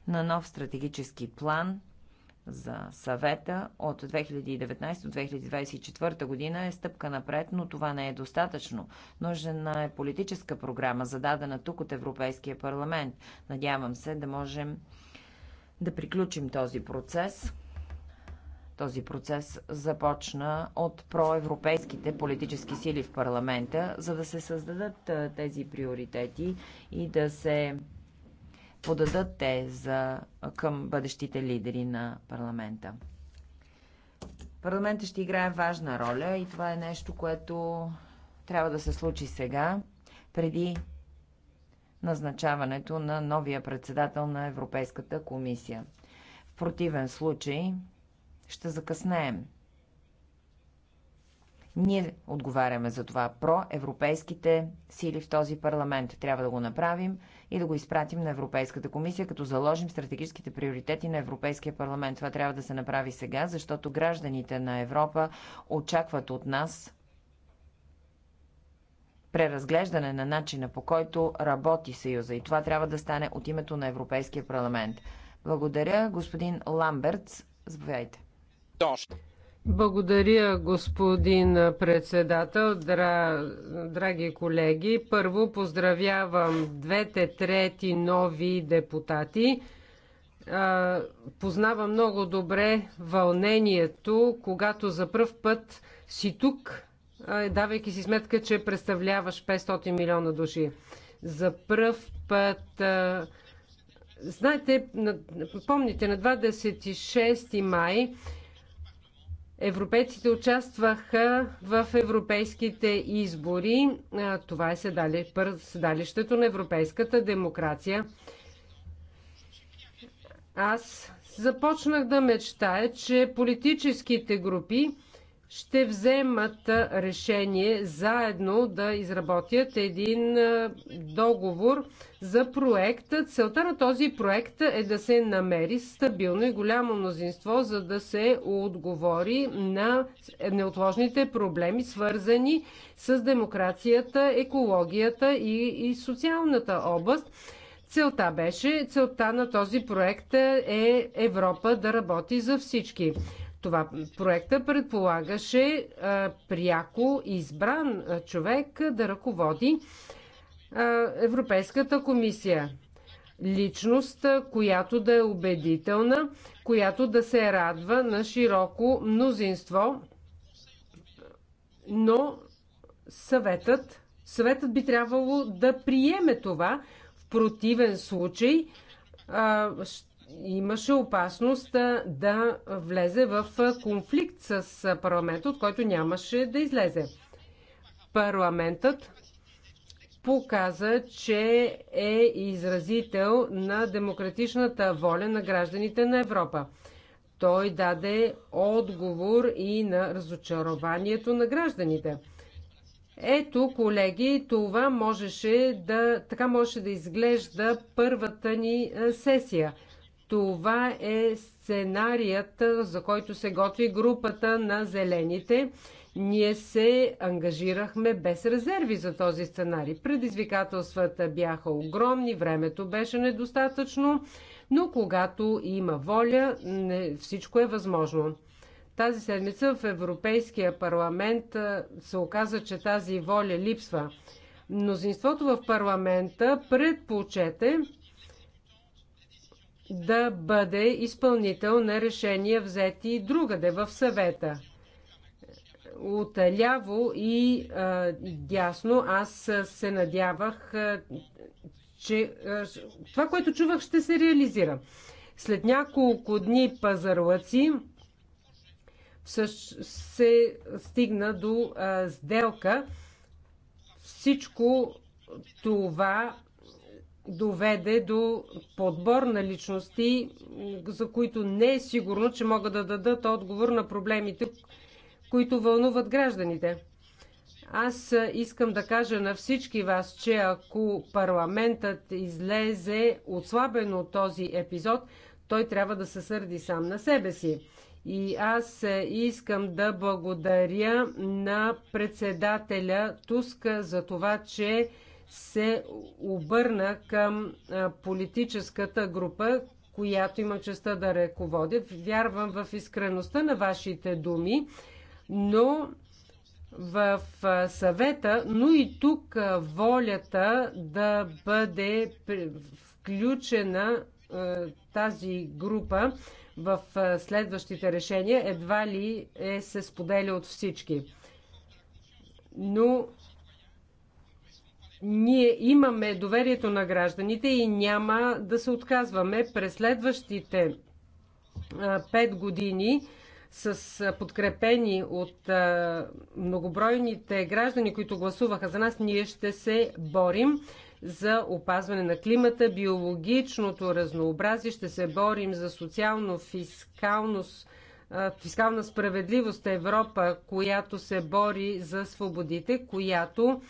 Speaker 4: на нов стратегически план за съвета от 2019 до 2024 година е стъпка напред, но това не е достатъчно. Нужна е политическа програма, зададена тук от Европейския парламент. Надявам се да можем да приключим този процес. Този процес започна от проевропейските политически сили в парламента, за да се създадат тези приоритети и да се подадат те за, към бъдещите лидери на парламента. Парламентът ще играе важна роля и това е нещо, което трябва да се случи сега, преди назначаването на новия председател на Европейската комисия. В противен случай ще закъснеем. Ние отговаряме за това. Про европейските сили в този парламент трябва да го направим – и да го изпратим на Европейската комисия, като заложим стратегическите приоритети на Европейския парламент. Това трябва да се направи сега, защото гражданите на Европа очакват от нас преразглеждане на начина по който работи Съюза. И това трябва да стане от името на Европейския парламент. Благодаря, господин Ламбертс. Заповядайте.
Speaker 3: Благодаря, господин председател, дра... драги колеги. Първо поздравявам двете трети нови депутати. Познавам много добре вълнението, когато за пръв път си тук, давайки си сметка, че представляваш 500 милиона души. За пръв път Знаете, помните, на 26 май Европейците участваха в европейските избори. Това е седалището на европейската демокрация. Аз започнах да мечтая, че политическите групи ще вземат решение заедно да изработят един договор за проект. Целта на този проект е да се намери стабилно и голямо мнозинство, за да се отговори на неотложните проблеми, свързани с демокрацията, екологията и, и социалната област. Целта беше, целта на този проект е Европа да работи за всички. Това проекта предполагаше а, пряко избран а, човек да ръководи а, Европейската комисия. Личност, която да е убедителна, която да се радва на широко мнозинство, но съветът, съветът би трябвало да приеме това. В противен случай а, имаше опасност да влезе в конфликт с парламента, от който нямаше да излезе. Парламентът показа, че е изразител на демократичната воля на гражданите на Европа. Той даде отговор и на разочарованието на гражданите. Ето, колеги, това можеше да, така можеше да изглежда първата ни сесия – това е сценарият, за който се готви групата на зелените. Ние се ангажирахме без резерви за този сценарий. Предизвикателствата бяха огромни, времето беше недостатъчно, но когато има воля, не, всичко е възможно. Тази седмица в Европейския парламент се оказа, че тази воля липсва. Мнозинството в парламента предпочете да бъде изпълнител на решения взети другаде в съвета. От ляво и а, дясно аз се надявах, а, че а, това, което чувах, ще се реализира. След няколко дни пазарлъци се стигна до а, сделка. Всичко това доведе до подбор на личности, за които не е сигурно, че могат да дадат отговор на проблемите, които вълнуват гражданите. Аз искам да кажа на всички вас, че ако парламентът излезе отслабен от този епизод, той трябва да се сърди сам на себе си. И аз искам да благодаря на председателя Туска за това, че се обърна към политическата група, която имам честа да ръководя. Вярвам в искреността на вашите думи, но в съвета, но и тук волята да бъде включена тази група в следващите решения едва ли е се споделя от всички. Но ние имаме доверието на гражданите и няма да се отказваме през следващите 5 години с подкрепени от многобройните граждани, които гласуваха за нас, ние ще се борим за опазване на климата, биологичното разнообразие, ще се борим за социално-фискалност, фискална справедливост Европа, която се бори за свободите, която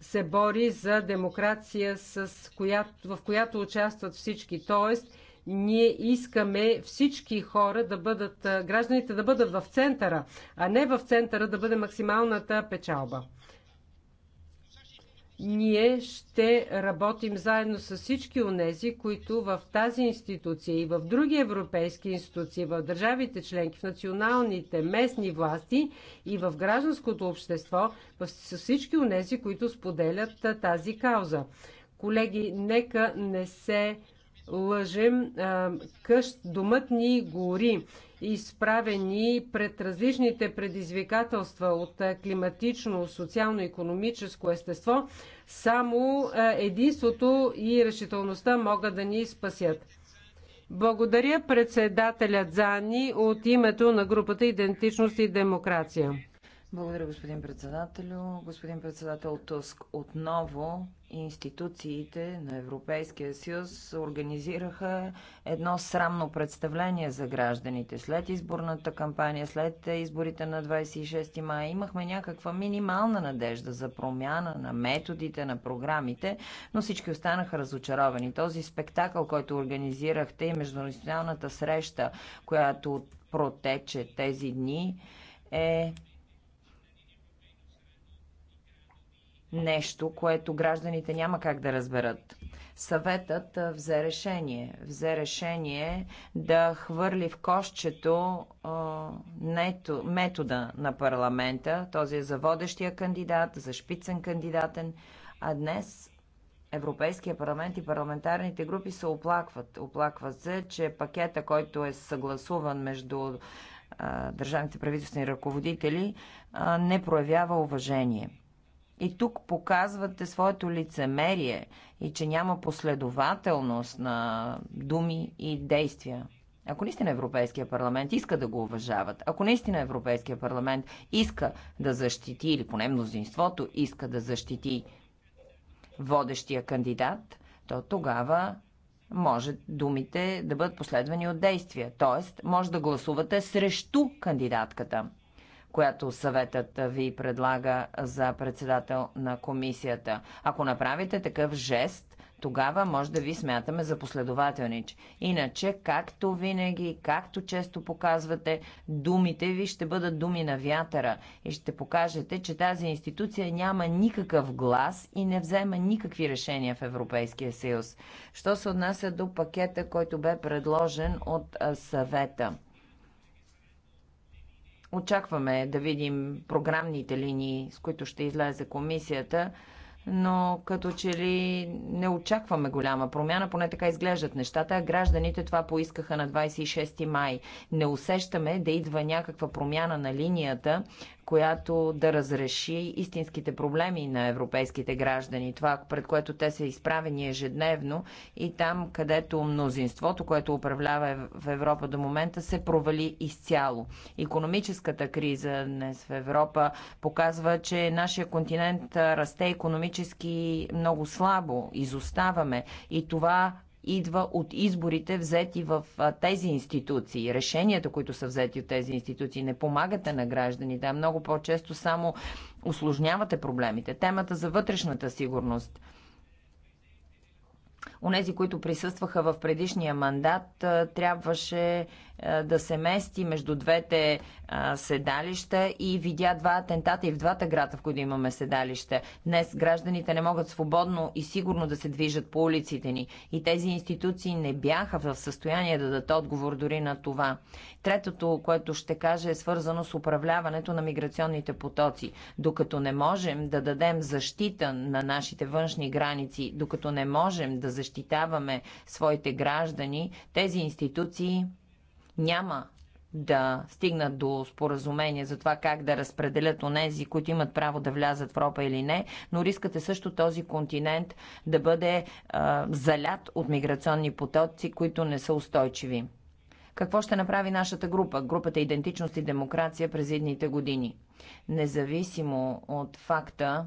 Speaker 3: се бори за демокрация, с която, в която участват всички. Тоест, ние искаме всички хора да бъдат, гражданите да бъдат в центъра, а не в центъра да бъде максималната печалба ние ще работим заедно с всички онези, които в тази институция и в други европейски институции, в държавите членки, в националните, местни власти и в гражданското общество, с всички онези, които споделят тази кауза. Колеги, нека не се лъжем. Къщ, домът ни гори, изправени пред различните предизвикателства от климатично, социално, економическо естество. Само единството и решителността могат да ни спасят. Благодаря председателя Зани от името на групата Идентичност и демокрация.
Speaker 4: Благодаря, господин председателю. Господин председател Туск, отново институциите на Европейския съюз организираха едно срамно представление за гражданите. След изборната кампания, след изборите на 26 май, имахме някаква минимална надежда за промяна на методите, на програмите, но всички останаха разочаровани. Този спектакъл, който организирахте и междунационалната среща, която протече тези дни, е нещо, което гражданите няма как да разберат. Съветът взе решение. Взе решение да хвърли в кошчето метода на парламента, този е за водещия кандидат, за шпицен кандидатен, а днес Европейския парламент и парламентарните групи се оплакват. Оплакват се, че пакета, който е съгласуван между държавните правителствени ръководители, не проявява уважение. И тук показвате своето лицемерие и че няма последователност на думи и действия. Ако наистина Европейския парламент иска да го уважават, ако наистина Европейския парламент иска да защити, или поне мнозинството иска да защити водещия кандидат, то тогава може думите да бъдат последвани от действия. Тоест, може да гласувате срещу кандидатката която съветът ви предлага за председател на комисията. Ако направите такъв жест, тогава може да ви смятаме за последователнич. Иначе, както винаги, както често показвате, думите ви ще бъдат думи на вятъра и ще покажете, че тази институция няма никакъв глас и не взема никакви решения в Европейския съюз. Що се отнася до пакета, който бе предложен от съвета? Очакваме да видим програмните линии, с които ще излезе комисията, но като че ли не очакваме голяма промяна, поне така изглеждат нещата, а гражданите това поискаха на 26 май. Не усещаме да идва някаква промяна на линията, която да разреши истинските проблеми на европейските граждани. Това, пред което те са изправени ежедневно и там, където мнозинството, което управлява в Европа до момента, се провали изцяло. Економическата криза днес в Европа показва, че нашия континент расте економически много слабо, изоставаме и това идва от изборите взети в тези институции. Решенията, които са взети от тези институции, не помагате на гражданите, а много по-често само осложнявате проблемите. Темата за вътрешната сигурност – Онези, които присъстваха в предишния мандат, трябваше е, да се мести между двете е, седалища и видя два атентата и в двата града, в които имаме седалища. Днес гражданите не могат свободно и сигурно да се движат по улиците ни и тези институции не бяха в състояние да дадат отговор дори на това. Третото, което ще кажа, е свързано с управляването на миграционните потоци. Докато не можем да дадем защита на нашите външни граници, докато не можем да защитаваме своите граждани, тези институции няма да стигнат до споразумение за това как да разпределят онези, които имат право да влязат в Европа или не, но рискът е също този континент да бъде а, залят от миграционни потоци, които не са устойчиви. Какво ще направи нашата група, групата Идентичност и демокрация през едните години? Независимо от факта,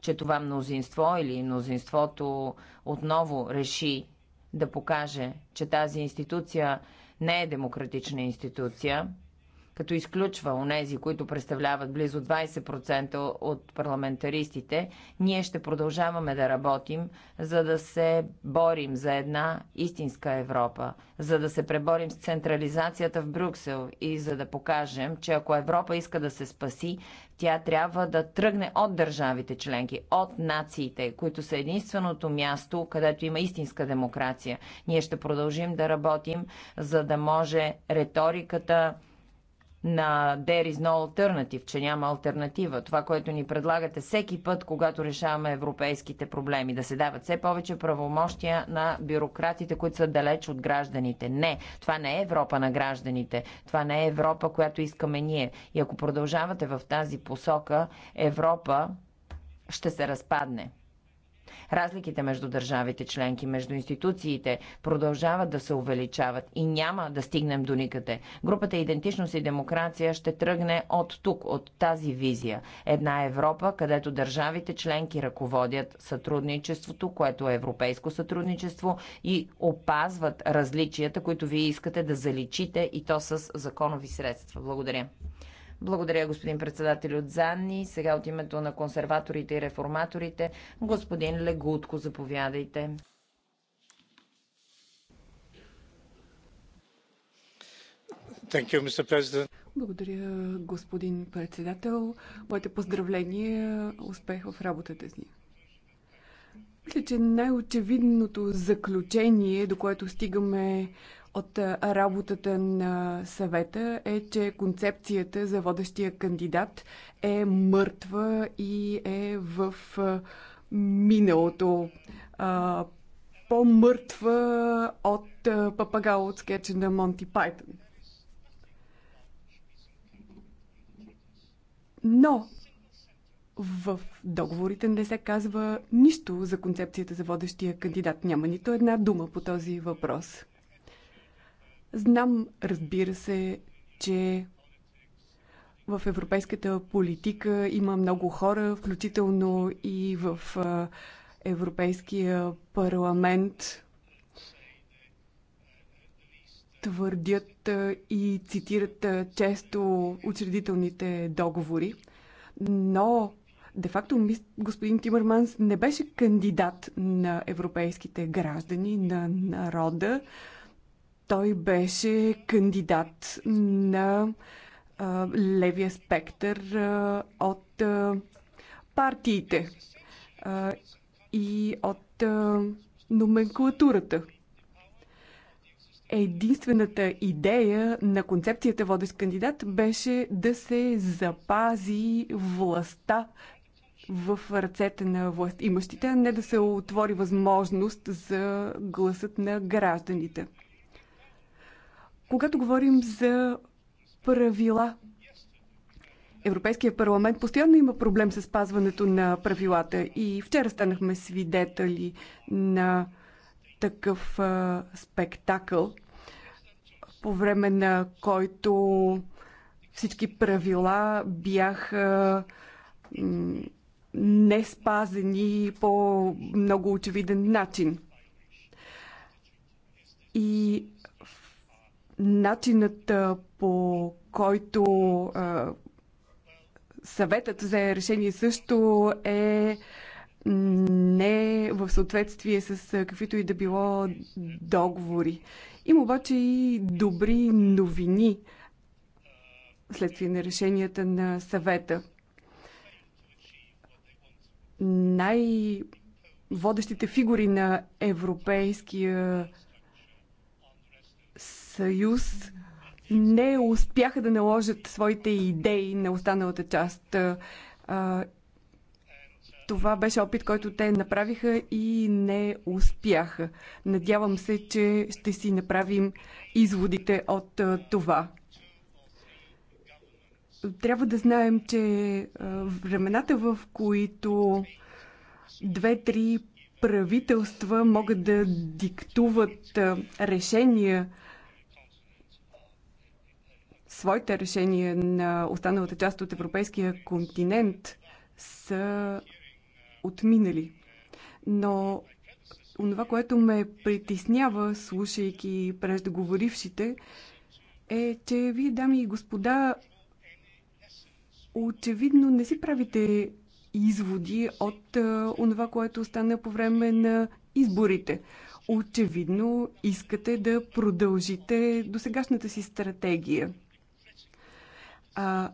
Speaker 4: че това мнозинство или мнозинството отново реши да покаже, че тази институция не е демократична институция, като изключва онези, които представляват близо 20% от парламентаристите, ние ще продължаваме да работим, за да се борим за една истинска Европа, за да се преборим с централизацията в Брюксел и за да покажем, че ако Европа иска да се спаси, тя трябва да тръгне от държавите членки, от нациите, които са единственото място, където има истинска демокрация. Ние ще продължим да работим, за да може риториката на There is no alternative, че няма альтернатива. Това, което ни предлагате всеки път, когато решаваме европейските проблеми, да се дават все повече правомощия на бюрократите, които са далеч от гражданите. Не, това не е Европа на гражданите. Това не е Европа, която искаме ние. И ако продължавате в тази посока, Европа ще се разпадне. Разликите между държавите членки, между институциите продължават да се увеличават и няма да стигнем до никъде. Групата Идентичност и демокрация ще тръгне от тук, от тази визия. Една Европа, където държавите членки ръководят сътрудничеството, което е европейско сътрудничество и опазват различията, които вие искате да заличите и то с законови средства. Благодаря. Благодаря, господин председател от Занни. Сега от името на консерваторите и реформаторите, господин Легутко, заповядайте.
Speaker 7: You,
Speaker 6: Благодаря, господин председател. Моите поздравления, успех в работата си. Мисля, че най-очевидното заключение, до което стигаме от работата на съвета е, че концепцията за водещия кандидат е мъртва и е в миналото. По-мъртва от папагал от скетча на Монти Пайтън. Но в договорите не се казва нищо за концепцията за водещия кандидат. Няма нито една дума по този въпрос. Знам, разбира се, че в европейската политика има много хора, включително и в Европейския парламент твърдят и цитират често учредителните договори. Но, де-факто, господин Тимърманс не беше кандидат на европейските граждани, на народа. Той беше кандидат на а, левия спектър а, от а, партиите а, и от а, номенклатурата. Единствената идея на концепцията водещ кандидат беше да се запази властта в ръцете на власт имащите, а не да се отвори възможност за гласът на гражданите. Когато говорим за правила, Европейския парламент постоянно има проблем с спазването на правилата и вчера станахме свидетели на такъв а, спектакъл, по време на който всички правила бяха не спазени по много очевиден начин. И начинът по който съветът за решение също е не в съответствие с каквито и да било договори. Има обаче и добри новини следствие на решенията на съвета. Най-водещите фигури на Европейския съюз не успяха да наложат своите идеи на останалата част. Това беше опит, който те направиха и не успяха. Надявам се, че ще си направим изводите от това. Трябва да знаем, че времената, в които две-три правителства могат да диктуват решения своите решения на останалата част от европейския континент са отминали. Но онова, което ме притеснява, слушайки преждоговорившите, е, че вие, дами и господа, очевидно не си правите изводи от а, онова, което стана по време на изборите. Очевидно искате да продължите досегашната си стратегия – а,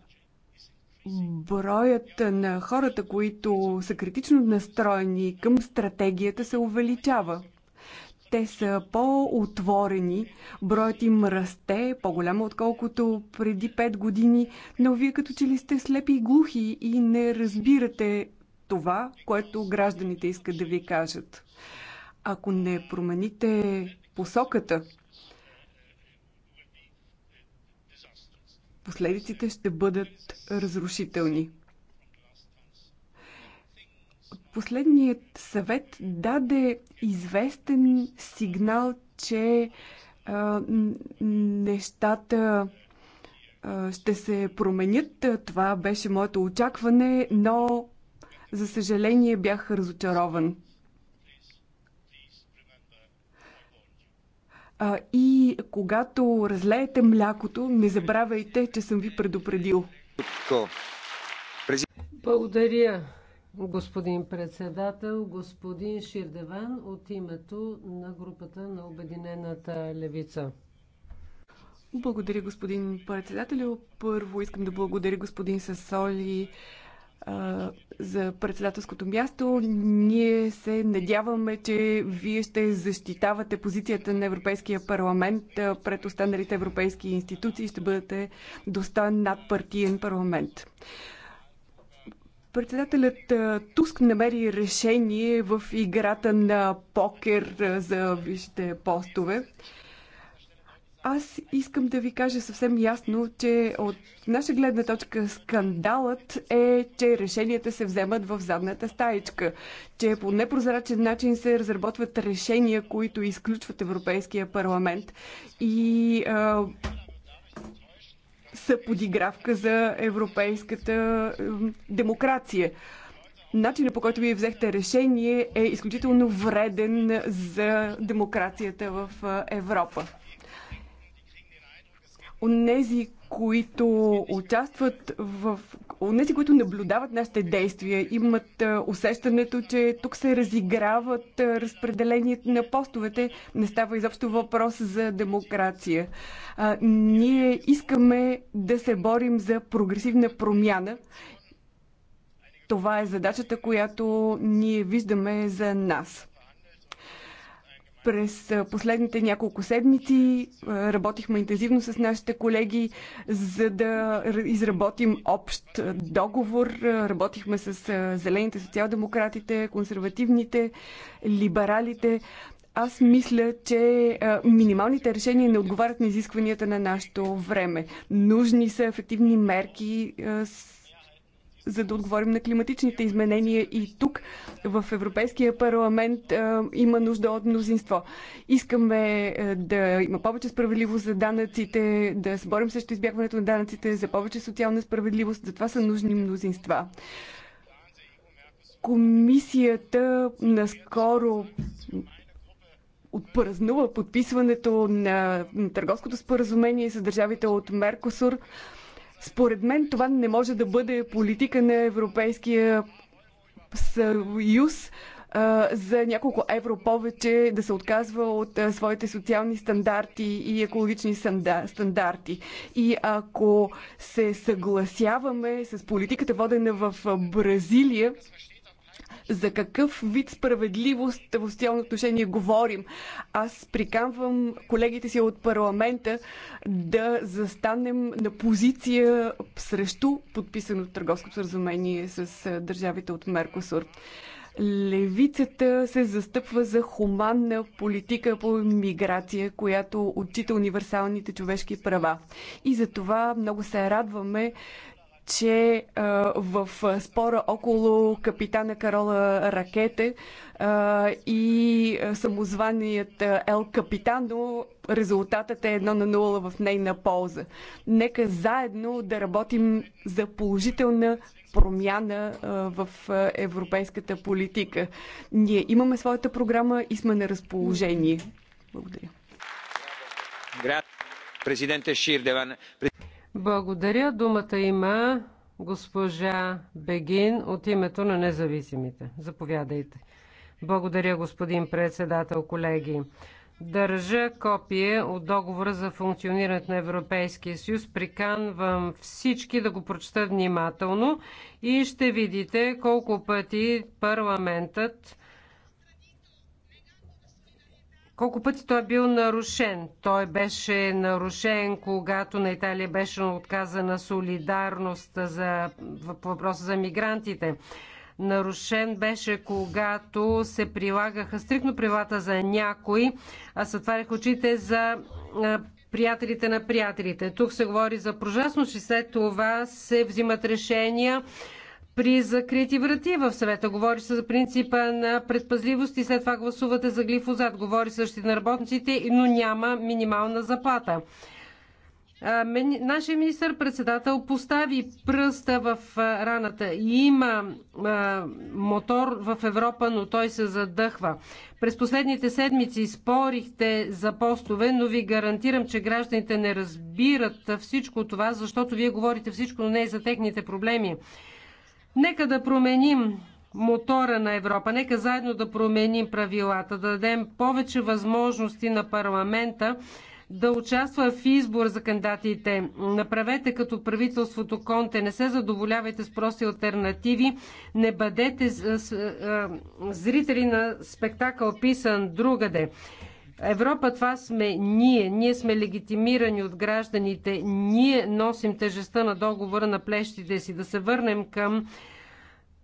Speaker 6: броят на хората, които са критично настроени към стратегията, се увеличава. Те са по-отворени, броят им расте, по-голямо отколкото преди 5 години, но вие като че ли сте слепи и глухи и не разбирате това, което гражданите искат да ви кажат. Ако не промените посоката, последиците ще бъдат разрушителни. Последният съвет даде известен сигнал, че а, нещата а, ще се променят. Това беше моето очакване, но за съжаление бях разочарован. А, и когато разлеете млякото, не забравяйте, че съм ви предупредил.
Speaker 3: Благодаря, господин председател, господин Ширдеван, от името на групата на Обединената левица.
Speaker 6: Благодаря, господин председател. Първо искам да благодаря господин Сасоли за председателското място. Ние се надяваме, че вие ще защитавате позицията на Европейския парламент пред останалите европейски институции. Ще бъдете достоен надпартиен парламент. Председателят Туск намери решение в играта на покер за висшите постове. Аз искам да ви кажа съвсем ясно, че от наша гледна точка скандалът е, че решенията се вземат в задната стаечка, че по непрозрачен начин се разработват решения, които изключват Европейския парламент и а, са подигравка за европейската демокрация начинът по който вие взехте решение е изключително вреден за демокрацията в Европа онези, които участват в... Онези, които наблюдават нашите действия, имат усещането, че тук се разиграват разпределението на постовете. Не става изобщо въпрос за демокрация. А, ние искаме да се борим за прогресивна промяна. Това е задачата, която ние виждаме за нас. През последните няколко седмици работихме интензивно с нашите колеги, за да изработим общ договор. Работихме с зелените, социал-демократите, консервативните, либералите. Аз мисля, че минималните решения не отговарят на изискванията на нашето време. Нужни са ефективни мерки, за да отговорим на климатичните изменения и тук в Европейския парламент а, има нужда от мнозинство. Искаме а, да има повече справедливост за данъците, да се борим срещу избягването на данъците, за повече социална справедливост. Затова са нужни мнозинства. Комисията наскоро отпразнува подписването на търговското споразумение с държавите от Меркосур. Според мен това не може да бъде политика на Европейския съюз за няколко евро повече да се отказва от своите социални стандарти и екологични стандарти. И ако се съгласяваме с политиката водена в Бразилия, за какъв вид справедливост в социално отношение говорим? Аз приканвам колегите си от парламента да застанем на позиция срещу подписаното търговско споразумение с държавите от Меркосур. Левицата се застъпва за хуманна политика по миграция, която отчита универсалните човешки права. И за това много се радваме, че в спора около капитана Карола Ракете и самозваният Ел Капитано резултатът е едно на нула в нейна полза. Нека заедно да работим за положителна промяна в европейската политика. Ние имаме своята програма и сме на разположение. Благодаря.
Speaker 1: Президенте Ширдеван.
Speaker 3: Благодаря. Думата има госпожа Бегин от името на независимите. Заповядайте. Благодаря, господин председател, колеги. Държа копие от договора за функционирането на Европейския съюз. Приканвам всички да го прочета внимателно и ще видите колко пъти парламентът колко пъти той е бил нарушен? Той беше нарушен, когато на Италия беше отказана солидарност за, въпроса за мигрантите. Нарушен беше, когато се прилагаха стрикно правилата за някой, а се отваряха очите за приятелите на приятелите. Тук се говори за прожасност и след това се взимат решения при закрити врати в съвета. Говори се за принципа на предпазливост и след това гласувате за глифозат. Говори се защита на работниците, но няма минимална заплата. Нашия министър-председател постави пръста в раната. Има мотор в Европа, но той се задъхва. През последните седмици спорихте за постове, но ви гарантирам, че гражданите не разбират всичко това, защото вие говорите всичко, но не и за техните проблеми. Нека да променим мотора на Европа. Нека заедно да променим правилата, да дадем повече възможности на парламента да участва в избор за кандидатите. Направете като правителството Конте. Не се задоволявайте с прости альтернативи. Не бъдете зрители на спектакъл писан другаде. Европа това сме ние. Ние сме легитимирани от гражданите. Ние носим тежестта на договора на плещите си. Да се върнем към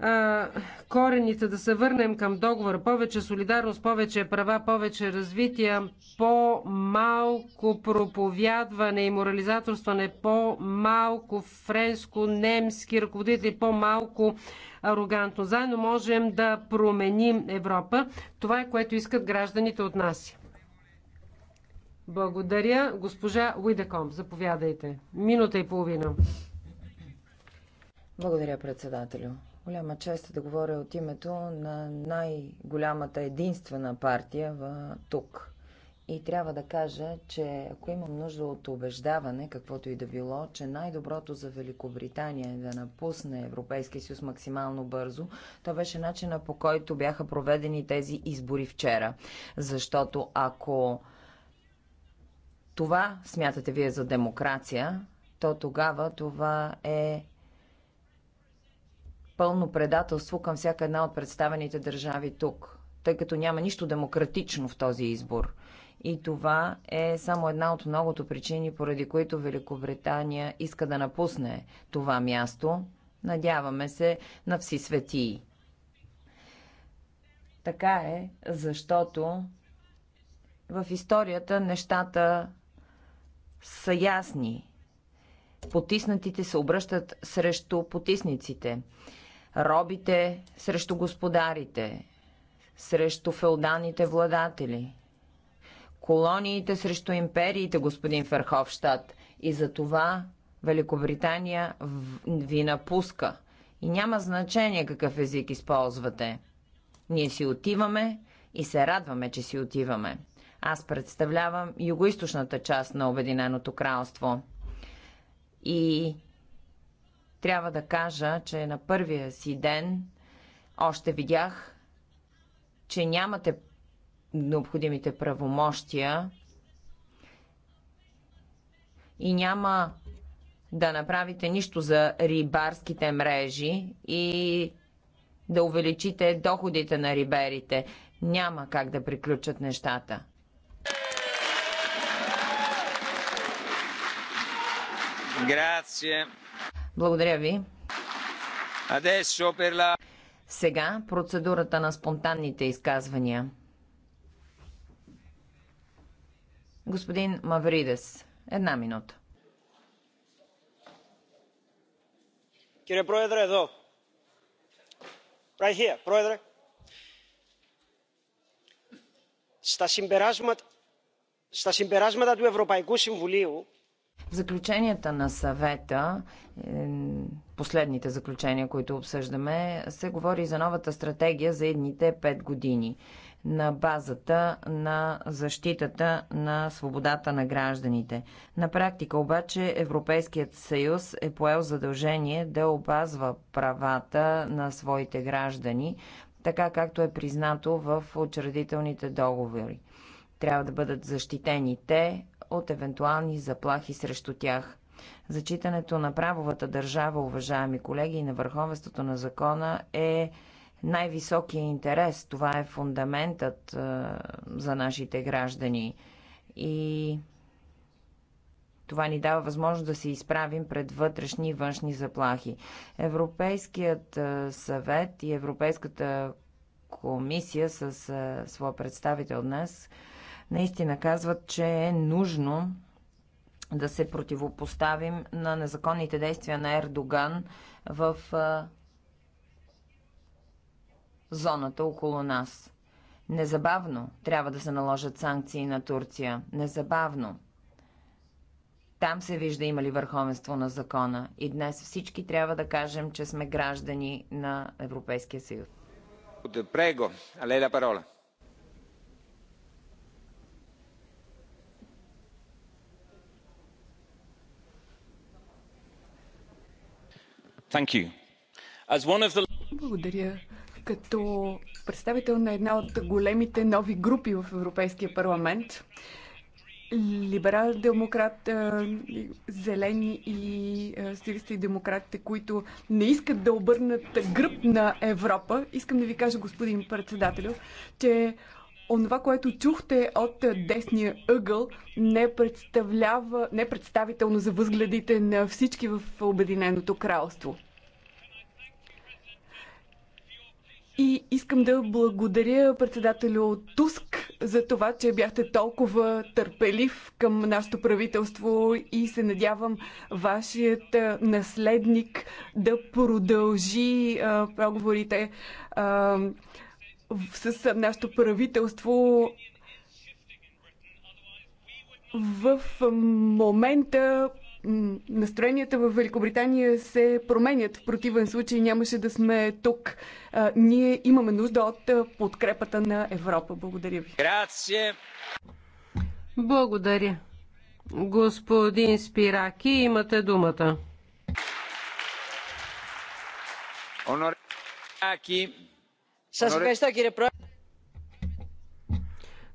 Speaker 3: а, корените, да се върнем към договора. Повече солидарност, повече права, повече развитие, по-малко проповядване и морализаторстване, по-малко френско-немски ръководители, по-малко арогантно. Заедно можем да променим Европа. Това е което искат гражданите от нас. Благодаря. Госпожа Уидеком, заповядайте. Минута и
Speaker 4: половина. Благодаря, председателю. Голяма чест е да говоря от името на най-голямата единствена партия в... тук. И трябва да кажа, че ако имам нужда от убеждаване, каквото и да било, че най-доброто за Великобритания е да напусне Европейския съюз максимално бързо, то беше начина по който бяха проведени тези избори вчера. Защото ако това смятате вие за демокрация, то тогава това е пълно предателство към всяка една от представените държави тук, тъй като няма нищо демократично в този избор. И това е само една от многото причини, поради които Великобритания иска да напусне това място. Надяваме се на Вси светии. Така е, защото в историята нещата са ясни. Потиснатите се обръщат срещу потисниците, робите срещу господарите, срещу феодалните владатели, колониите срещу империите, господин Ферховщад. И за това Великобритания ви напуска. И няма значение какъв език използвате. Ние си отиваме и се радваме, че си отиваме. Аз представлявам югоисточната част на Обединеното кралство. И трябва да кажа, че на първия си ден още видях, че нямате необходимите правомощия и няма да направите нищо за рибарските мрежи и да увеличите доходите на риберите. Няма как да приключат нещата. Благодаря ви. Сега процедурата на спонтанните изказвания. Господин Мавридес, една минута.
Speaker 1: Кире Проедре, едно. Right Проедре. Στα συμπεράσματα,
Speaker 3: στα συμπεράσματα του Ευρωπαϊκού Συμβουλίου
Speaker 4: Заключенията на съвета, е, последните заключения, които обсъждаме, се говори за новата стратегия за едните 5 години на базата на защитата на свободата на гражданите. На практика обаче Европейският съюз е поел задължение да опазва правата на своите граждани, така както е признато в учредителните договори. Трябва да бъдат защитени те от евентуални заплахи срещу тях. Зачитането на правовата държава, уважаеми колеги, и на върховенството на закона е най-високия интерес. Това е фундаментът а, е, за нашите граждани. И това ни дава възможност да се изправим пред вътрешни и външни заплахи. Европейският е, съвет и Европейската комисия с е, своя представител днес наистина казват, че е нужно да се противопоставим на незаконните действия на Ердоган в зоната около нас. Незабавно трябва да се наложат санкции на Турция. Незабавно. Там се вижда има ли върховенство на закона. И днес всички трябва да кажем, че сме граждани на Европейския съюз.
Speaker 1: Прего, але парола.
Speaker 6: Благодаря. Като представител на една от големите нови групи в Европейския парламент, либерал демократ, зелени и стилисти и демократите, които не искат да обърнат гръб на Европа, искам да ви кажа, господин председател, че онова, което чухте от десния ъгъл, не представлява, не е представително за възгледите на всички в Обединеното кралство. И искам да благодаря председателю Туск за това, че бяхте толкова търпелив към нашето правителство и се надявам вашият наследник да продължи а, проговорите. А, с нашето правителство в момента настроенията в Великобритания се променят. В противен случай нямаше да сме тук. Ние имаме нужда от подкрепата на Европа. Благодаря ви.
Speaker 1: Грация.
Speaker 6: Благодаря.
Speaker 3: Господин
Speaker 6: Спираки,
Speaker 3: имате думата.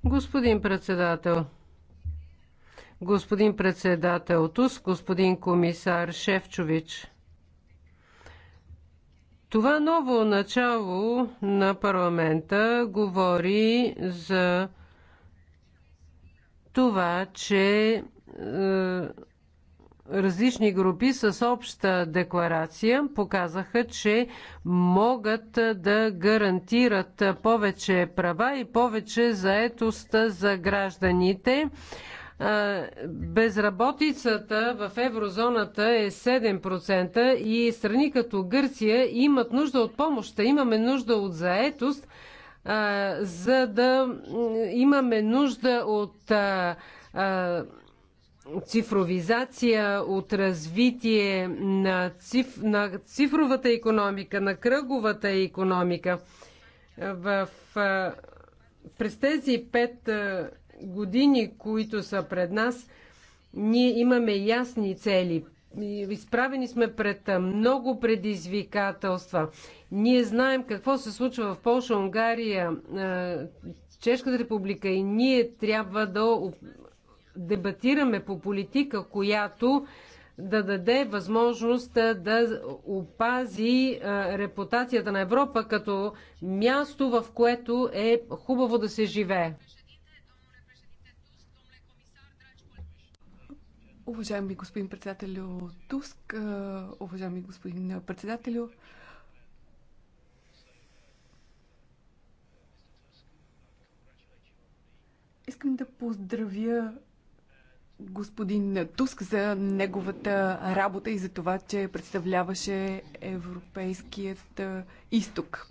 Speaker 3: Господин председател, господин председател Тус, господин комисар Шефчович, това ново начало на парламента говори за това, че е, различни групи с обща декларация показаха, че могат да гарантират повече права и повече заетост за гражданите. Безработицата в еврозоната е 7% и страни като Гърция имат нужда от помощта. Имаме нужда от заетост, за да имаме нужда от цифровизация, от развитие на, циф, на цифровата економика, на кръговата економика. В, през тези пет години, които са пред нас, ние имаме ясни цели. Изправени сме пред много предизвикателства. Ние знаем какво се случва в Польша, Унгария, Чешката република и ние трябва да дебатираме по политика, която да даде възможност да опази репутацията на Европа като място, в което е хубаво да се живее.
Speaker 6: Уважаеми господин председателю Туск, уважаеми господин председателю, искам да поздравя господин Туск за неговата работа и за това, че представляваше Европейският е, изток.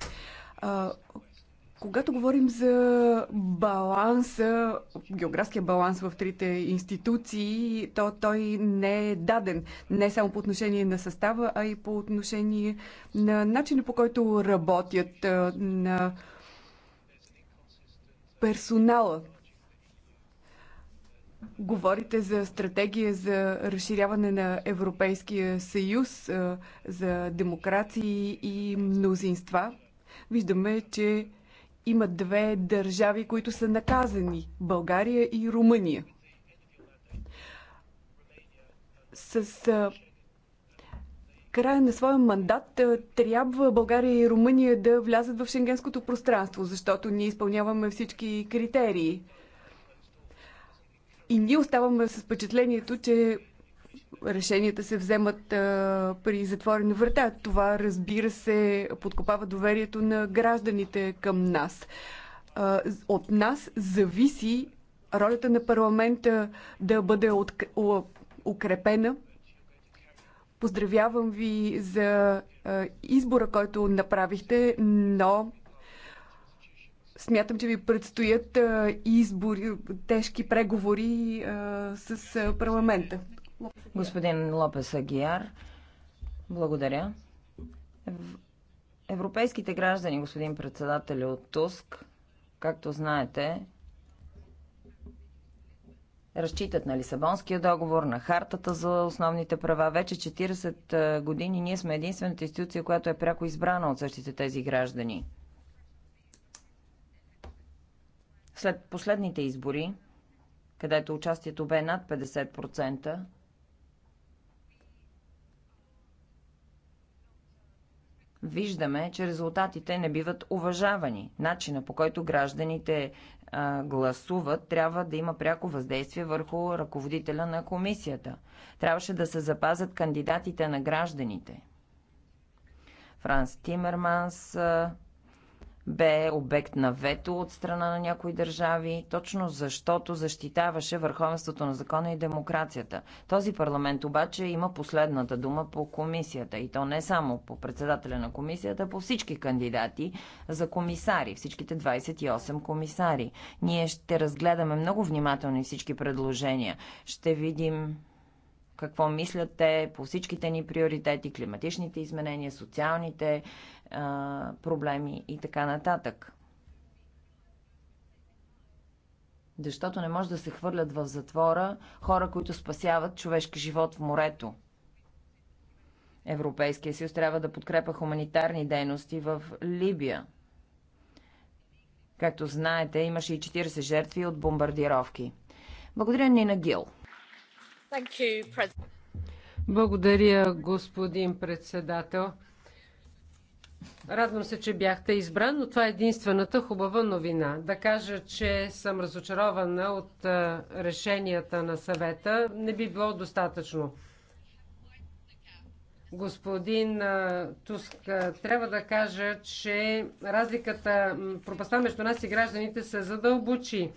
Speaker 6: Когато говорим за баланса, географския баланс в трите институции, то той не е даден. Не само по отношение на състава, а и по отношение на начина по който работят е, на персонала. Говорите за стратегия за разширяване на Европейския съюз, за демокрации и мнозинства. Виждаме, че има две държави, които са наказани България и Румъния. С края на своя мандат трябва България и Румъния да влязат в шенгенското пространство, защото ние изпълняваме всички критерии. И ние оставаме с впечатлението, че решенията се вземат а, при затворена врата. Това, разбира се, подкопава доверието на гражданите към нас. А, от нас зависи ролята на парламента да бъде от, укрепена. Поздравявам ви за а, избора, който направихте, но Смятам, че ви предстоят избори, тежки
Speaker 4: преговори с парламента. Господин Лопес Агияр, благодаря. Европейските граждани, господин председател от Туск, както знаете, разчитат на Лисабонския договор, на хартата за основните права. Вече 40 години ние сме единствената институция, която е пряко избрана от същите тези граждани. След последните избори, където участието бе над 50%, виждаме, че резултатите не биват уважавани. Начина по който гражданите а, гласуват трябва да има пряко въздействие върху ръководителя на комисията. Трябваше да се запазят кандидатите на гражданите. Франс Тимерманс а, бе обект на вето от страна на някои държави, точно защото защитаваше върховенството на закона и демокрацията. Този парламент обаче има последната дума по комисията и то не само по председателя на комисията, а по всички кандидати за комисари, всичките 28 комисари. Ние ще разгледаме много внимателно всички предложения. Ще видим какво мислят те по всичките ни приоритети, климатичните изменения, социалните а, проблеми и така нататък. Защото не може да се хвърлят в затвора хора, които спасяват човешки живот в морето. Европейския съюз трябва да подкрепа хуманитарни дейности в Либия. Както знаете, имаше и 40 жертви от бомбардировки. Благодаря Нина Гил. Благодаря,
Speaker 3: господин председател. Радвам се, че бяхте избран, но това е единствената хубава новина. Да кажа, че съм разочарована от решенията на съвета, не би било достатъчно. Господин Туск, трябва да кажа, че разликата, пропаста между нас и гражданите се задълбочи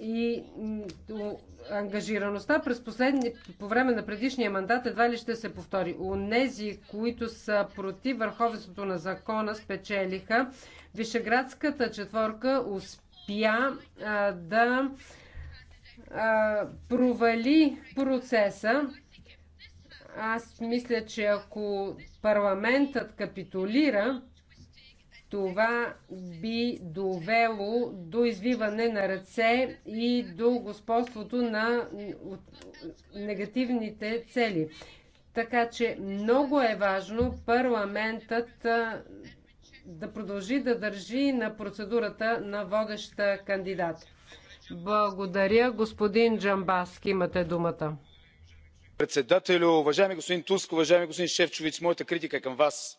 Speaker 3: и ангажираността през последни, по време на предишния мандат едва ли ще се повтори. нези, които са против върховенството на закона, спечелиха. Вишеградската четворка успя а, да а, провали процеса. Аз мисля, че ако парламентът капитулира, това би довело до извиване на ръце и до господството на негативните цели. Така че много е важно парламентът да продължи да държи на процедурата на водеща кандидат. Благодаря, господин Джамбаски. Имате думата.
Speaker 7: Председателю, уважаеми господин Туск, уважаеми господин Шефчович, моята критика е към вас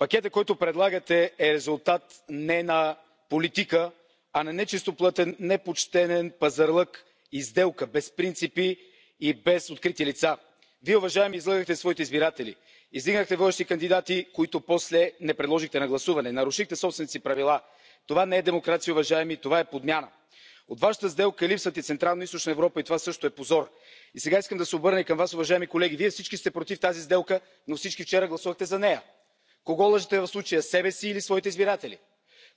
Speaker 7: пакетът който предлагате е резултат не на политика а на нечистоплътен непочтен пазарлък и сделка без принципи и без открити лица. вие уважаеми излъгахте своите избиратели издигнахте водещи кандидати които после не подложихте на гласуване нарушихте собствените си правила. това не е демокрация уважаеми това е подмяна! от вашата сделка липсват и централна и източна европа и това също е позор. и сега искам да се обърна и към вас уважаеми колеги вие всички сте против тази сделка но всички вчера гласувахте за нея кого лъжете в случая себе си или своите избиратели?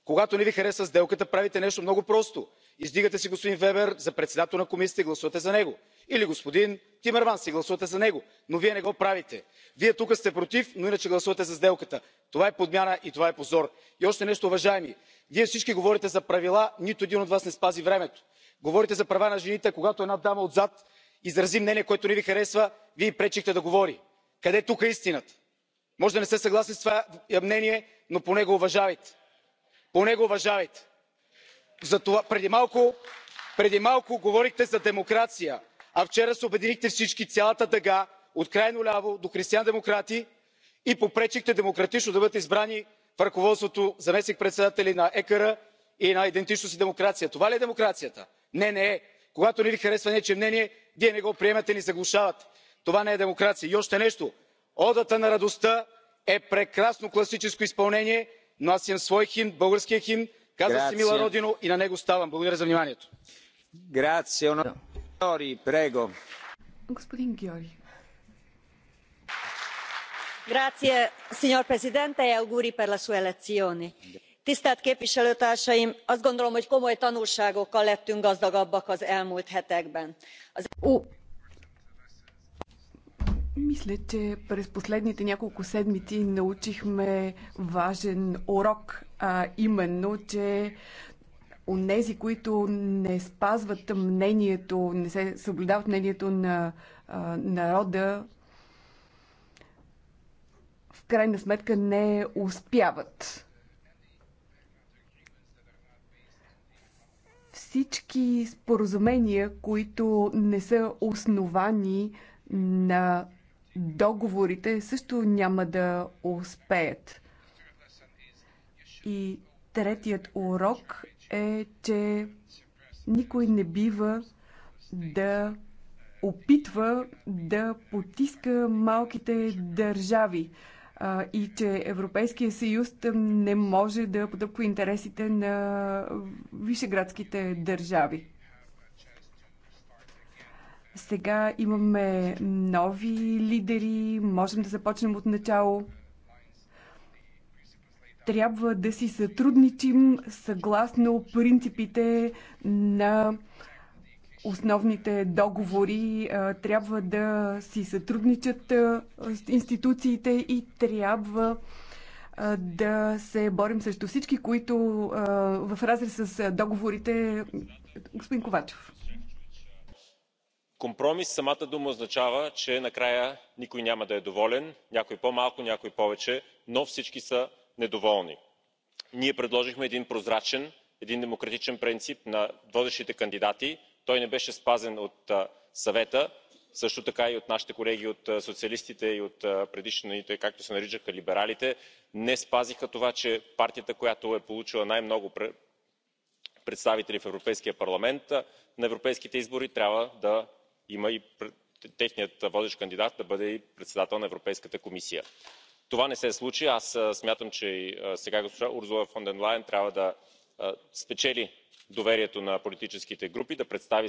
Speaker 7: когато не ви харесва сделката правите нещо много просто издигате си господин вебер за председател на комисията и гласувате за него или господин тимерманс и гласувате за него но вие не го правите. вие тук сте против но иначе гласувате за сделката. това е подмяна и това е позор. и още нещо уважаеми вие всички говорите за правила нито един от вас не спази времето. говорите за права на жените а когато една дама отзад изрази мнение което не ви харесва вие ѝ пречихте да говори. къде е тук истината? може да не сте съгласни с това мнение но поне го уважавайте. поне го уважавайте! преди малко говорихте за демокрация а вчера се обединихте всички цялата дъга от крайно ляво до християн демократи и попречихте демократично да бъдат избрани в ръководството заместник председатели на екр и на идентичност и демокрация. това ли е демокрацията? не не е! когато не ви харесва нечие мнение вие не го приемате или заглушавате. това не е демокрация. и още нещо одата на радостта е прекрасно класическо изпълнение но аз имам свой химн българския химн казва се мила родино и на него ставам. благодаря за вниманието.
Speaker 4: signor presidente e auguri per la sua elezione. tisztelt képviselőtársaim! azt gondolom hogy komoly tanulságokkal lettünk gazdagabbak az elmúlt hetekben.
Speaker 6: Мисля, че през последните няколко седмици научихме важен урок, а именно, че онези, които не спазват мнението, не се съблюдават мнението на а, народа, в крайна сметка не успяват. Всички споразумения, които не са основани на договорите също няма да успеят. И третият урок е, че никой не бива да опитва да потиска малките държави а, и че Европейския съюз не може да потъпква интересите на вишеградските държави. Сега имаме нови лидери, можем да започнем от начало. Трябва да си сътрудничим съгласно принципите на основните договори, трябва да си сътрудничат институциите и трябва да се борим срещу всички, които в разрез с договорите. Господин Ковачев
Speaker 5: компромис самата дума означава че накрая никой няма да е доволен някой по малко някой повече но всички са недоволни. ние предложихме един прозрачен един демократичен принцип на водещите кандидати. той не беше спазен от съвета също така и от нашите колеги от социалистите и от предишните както се наричаха либералите не спазиха това че партията която е получила най много представители в европейския парламент на европейските избори трябва да има и техният водещ кандидат да бъде и председател на европейската комисия. това не се случи. аз смятам че сега госпожа урсула фон дер лайен трябва да спечели доверието на политическите групи да представи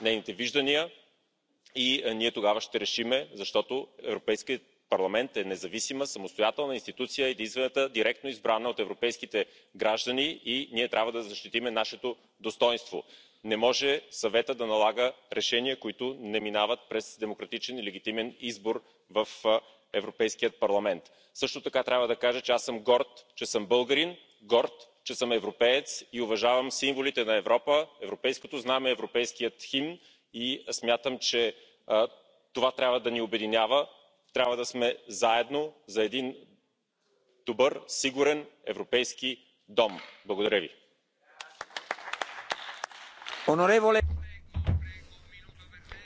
Speaker 5: нейните виждания и ние тогава ще решим защото европейският парламент е независима самостоятелна институция единствената директно избрана от европейските граждани и ние трябва да защитим нашето достойнство не може съветът да налага решения които не минават през демократичен и легитимен избор в европейския парламент. също така трябва да кажа че аз съм горд че съм българин горд че съм европеец и уважавам символите на европа европейското знаме европейския химн и смятам че това трябва да ни обединява трябва да сме заедно за един добър сигурен европейски дом. благодаря ви.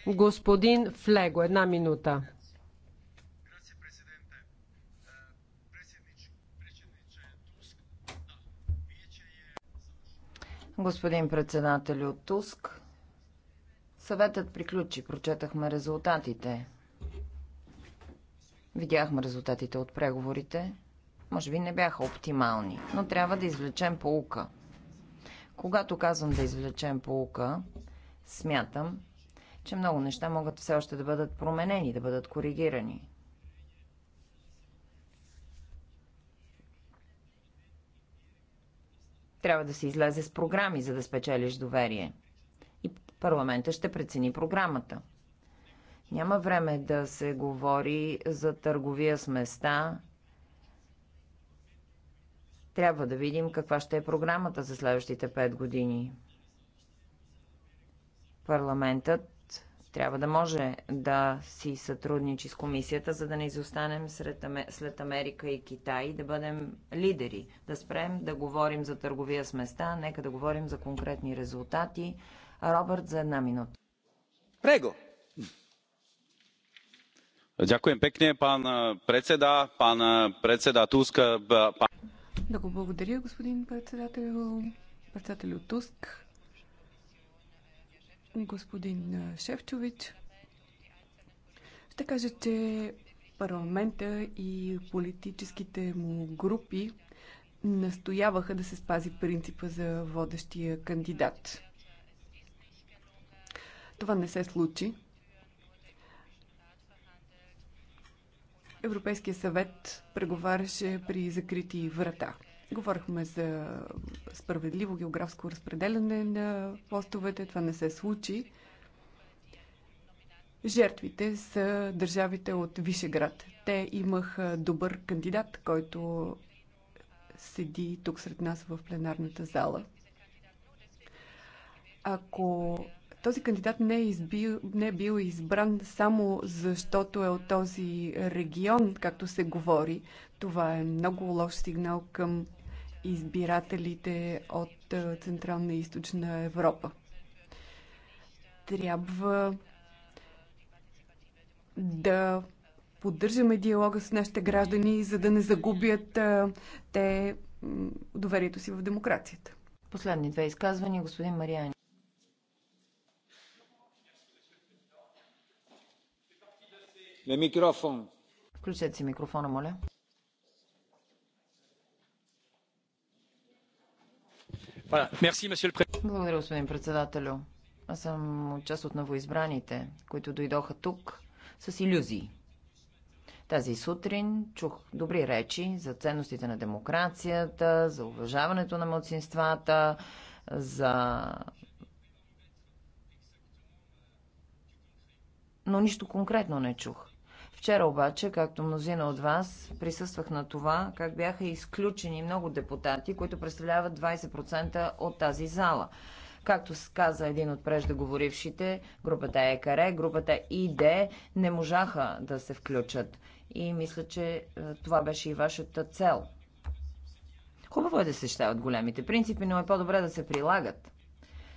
Speaker 3: Господин Флего, една минута.
Speaker 4: Господин председател от Туск, съветът приключи. Прочетахме резултатите. Видяхме резултатите от преговорите. Може би не бяха оптимални, но трябва да извлечем поука – когато казвам да извлечем полука, смятам, че много неща могат все още да бъдат променени, да бъдат коригирани. Трябва да се излезе с програми, за да спечелиш доверие. И парламента ще прецени програмата. Няма време да се говори за търговия с места трябва да видим каква ще е програмата за следващите 5 години. Парламентът трябва да може да си сътрудничи с комисията, за да не изостанем след Америка и Китай, да бъдем лидери, да спрем да говорим за търговия с места, нека да говорим за конкретни резултати. Робърт, за една минута. Прего!
Speaker 5: Дякуем пекне, пан председа, пан председа Туска, пан...
Speaker 6: Много благодаря, господин председател, председател от Туск, господин Шевчович. Ще кажа, че парламента и политическите му групи настояваха да се спази принципа за водещия кандидат. Това не се случи. Европейския съвет преговаряше при закрити врата. Говорихме за справедливо географско разпределяне на постовете. Това не се случи. Жертвите са държавите от Вишеград. Те имаха добър кандидат, който седи тук сред нас в пленарната зала. Ако този кандидат не е, избил, не е бил избран само защото е от този регион, както се говори. Това е много лош сигнал към избирателите от е, Централна и Източна Европа. Трябва да поддържаме диалога с нашите граждани, за да не загубят е, те
Speaker 4: доверието си в демокрацията. Последни две изказвания, господин Мариани. Включете си микрофона, моля. Благодаря, господин председателю. Аз съм част от новоизбраните, които дойдоха тук с иллюзии. Тази сутрин чух добри речи за ценностите на демокрацията, за уважаването на младсинствата, за... Но нищо конкретно не чух. Вчера обаче, както мнозина от вас, присъствах на това, как бяха изключени много депутати, които представляват 20% от тази зала. Както каза един от преждеговорившите, групата ЕКАРЕ, групата ИД не можаха да се включат. И мисля, че е, това беше и вашата цел. Хубаво е да се щават големите принципи, но е по-добре да се прилагат.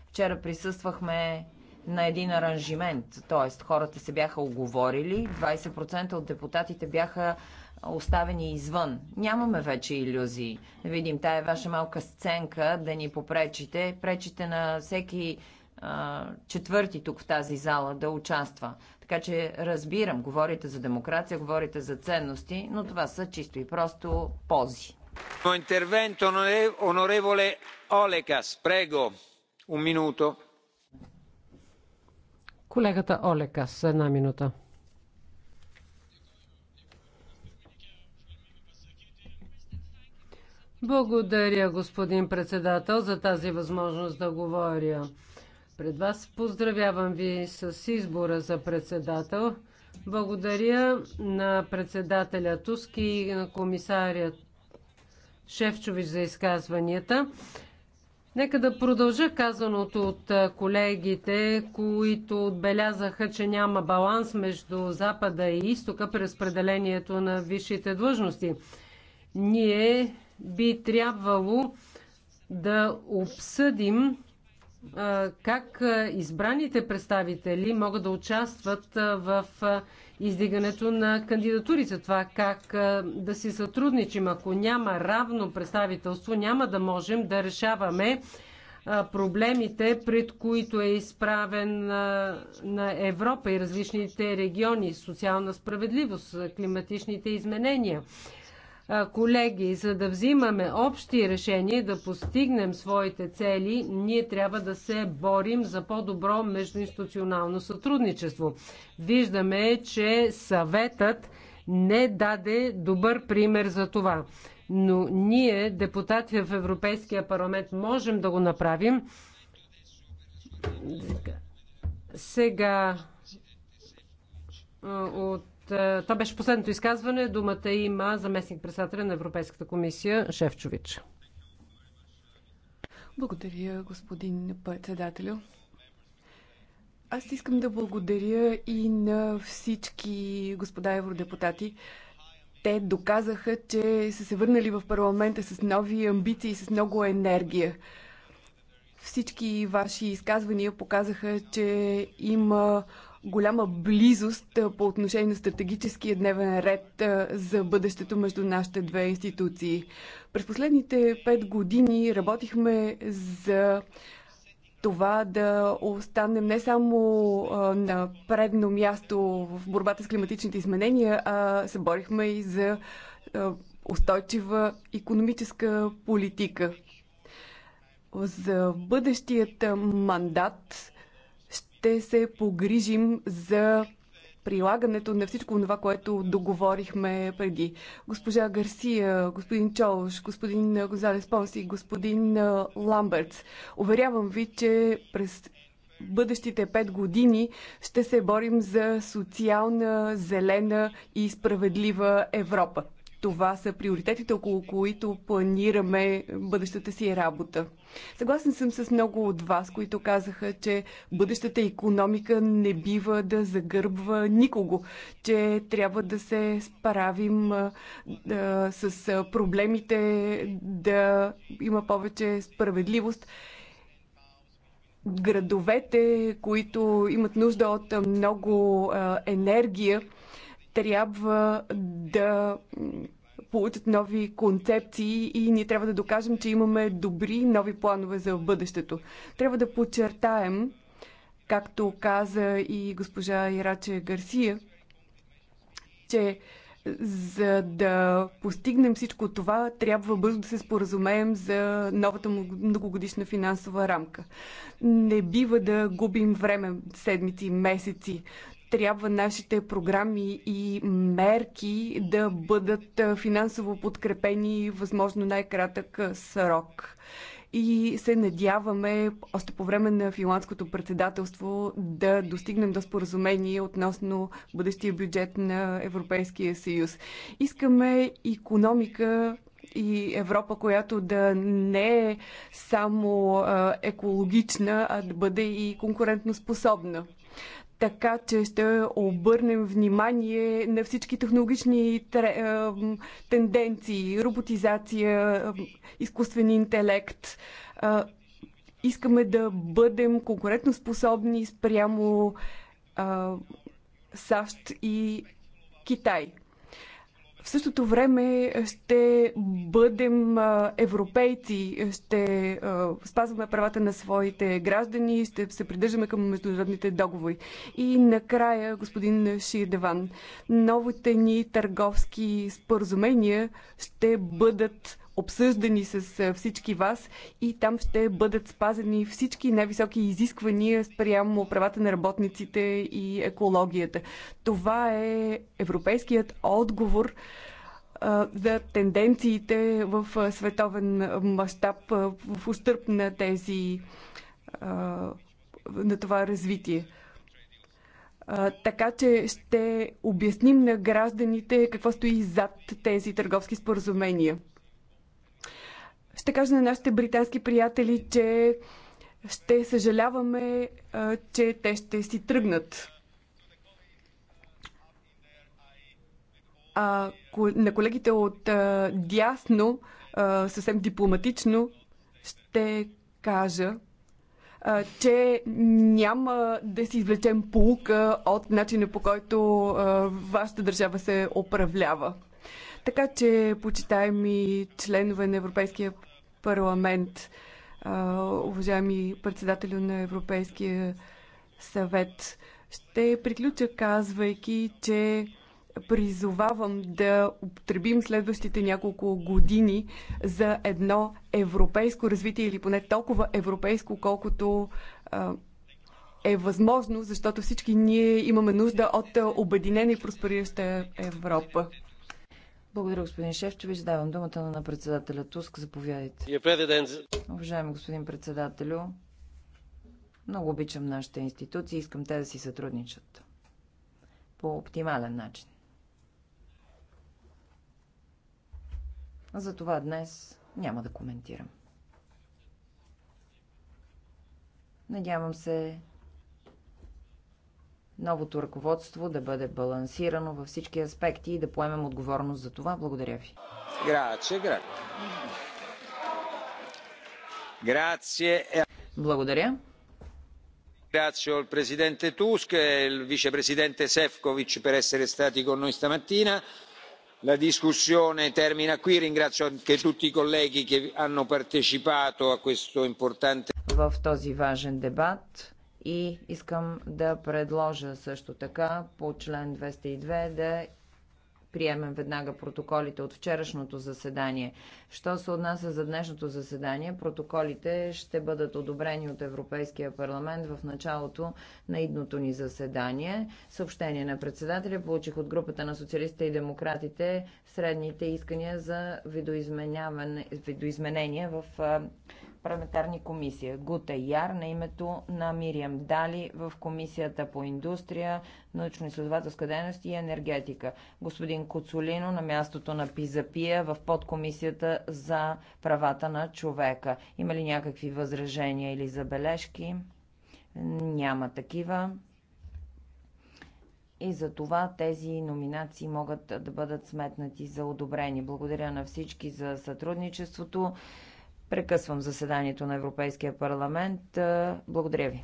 Speaker 4: Вчера присъствахме на един аранжимент. Тоест, хората се бяха оговорили, 20% от депутатите бяха оставени извън. Нямаме вече иллюзии. Да видим, тая е ваша малка сценка да ни попречите. Пречите на всеки а, четвърти тук в тази зала да участва. Така че разбирам, говорите за демокрация, говорите за ценности, но това са чисто и просто пози.
Speaker 1: интервент, онореволе Олекас, прего, un minuto.
Speaker 3: Колегата с една минута. Благодаря, господин председател, за тази възможност да говоря пред вас. Поздравявам ви с избора за председател. Благодаря на председателя Туски и на комисаря Шевчович за изказванията. Нека да продължа казаното от колегите, които отбелязаха, че няма баланс между Запада и Изтока при разпределението на висшите длъжности. Ние би трябвало да обсъдим как избраните представители могат да участват в издигането на кандидатурите, това как да си сътрудничим. Ако няма равно представителство, няма да можем да решаваме проблемите, пред които е изправен на Европа и различните региони, социална справедливост, климатичните изменения Колеги, за да взимаме общи решения, да постигнем своите цели, ние трябва да се борим за по-добро междуинституционално сътрудничество. Виждаме, че съветът не даде добър пример за това. Но ние, депутати в Европейския парламент, можем да го направим. Сега от е, това беше последното изказване. Думата има заместник председателя на Европейската комисия Шефчович.
Speaker 6: Благодаря, господин председателю. Аз искам да благодаря и на всички господа евродепутати. Те доказаха, че са се върнали в парламента с нови амбиции, с много енергия. Всички ваши изказвания показаха, че има голяма близост по отношение на стратегическия дневен ред за бъдещето между нашите две институции. През последните пет години работихме за това да останем не само на предно място в борбата с климатичните изменения, а се борихме и за устойчива економическа политика. За бъдещият мандат ще се погрижим за прилагането на всичко това, което договорихме преди. Госпожа Гарсия, господин Чолош, господин Гонзалес Понс и господин Ламбертс. Уверявам ви, че през бъдещите пет години ще се борим за социална, зелена и справедлива Европа. Това са приоритетите, около които планираме бъдещата си работа. Съгласен съм с много от вас, които казаха, че бъдещата економика не бива да загърбва никого, че трябва да се справим да, с проблемите, да има повече справедливост градовете, които имат нужда от много енергия, трябва да получат нови концепции и ние трябва да докажем, че имаме добри нови планове за бъдещето. Трябва да подчертаем, както каза и госпожа Ираче Гарсия, че за да постигнем всичко това, трябва бързо да се споразумеем за новата многогодишна финансова рамка. Не бива да губим време, седмици, месеци трябва нашите програми и мерки да бъдат финансово подкрепени възможно най-кратък срок. И се надяваме още по време на финландското председателство да достигнем до споразумение относно бъдещия бюджет на Европейския съюз. Искаме економика и Европа, която да не е само екологична, а да бъде и конкурентоспособна така че ще обърнем внимание на всички технологични е, тенденции, роботизация, е, изкуствен интелект. Е, искаме да бъдем конкурентоспособни спрямо САЩ и Китай. В същото време ще бъдем европейци, ще спазваме правата на своите граждани, ще се придържаме към международните договори. И накрая, господин Ширдеван, новите ни търговски споразумения ще бъдат обсъждани с всички вас и там ще бъдат спазени всички най-високи изисквания спрямо правата на работниците и екологията. Това е европейският отговор за тенденциите в световен мащаб в ущърп на тези на това развитие така че ще обясним на гражданите какво стои зад тези търговски споразумения ще кажа на нашите британски приятели, че ще съжаляваме, че те ще си тръгнат. А на колегите от а, дясно, а, съвсем дипломатично, ще кажа, а, че няма да си извлечем полука от начина по който а, вашата държава се управлява. Така че, почитаеми членове на Европейския парламент, уважаеми председателю на Европейския съвет. Ще приключа казвайки, че призовавам да употребим следващите няколко години за едно европейско развитие или поне толкова европейско, колкото е възможно, защото всички ние имаме нужда от обединена и просперираща
Speaker 4: Европа. Благодаря, господин Шефчович. Давам думата на председателя Туск. Заповядайте. Е, Уважаеми господин председателю, много обичам нашите институции. и Искам те да си сътрудничат по оптимален начин. Затова днес няма да коментирам. Надявам се новото ръководство да бъде балансирано във всички аспекти и да поемем отговорност за това. Благодаря ви. Благодаря.
Speaker 1: Ringrazio il presidente Tusk e il vicepresidente Sefcovic per essere stati con noi stamattina. La discussione termina qui. Ringrazio anche tutti i colleghi che hanno partecipato a questo importante.
Speaker 4: И искам да предложа също така по член 202 да приемем веднага протоколите от вчерашното заседание. Що се отнася за днешното заседание, протоколите ще бъдат одобрени от Европейския парламент в началото на идното ни заседание. Съобщение на председателя получих от групата на социалистите и демократите средните искания за видоизменения в парламентарни комисии. Гута Яр на името на Мириам Дали в Комисията по индустрия, научно-изследователска дейност и енергетика. Господин Коцулино на мястото на Пизапия в подкомисията за правата на човека. Има ли някакви възражения или забележки? Няма такива. И за това тези номинации могат да бъдат сметнати за одобрени. Благодаря на всички за сътрудничеството. Прекъсвам заседанието на Европейския парламент. Благодаря ви.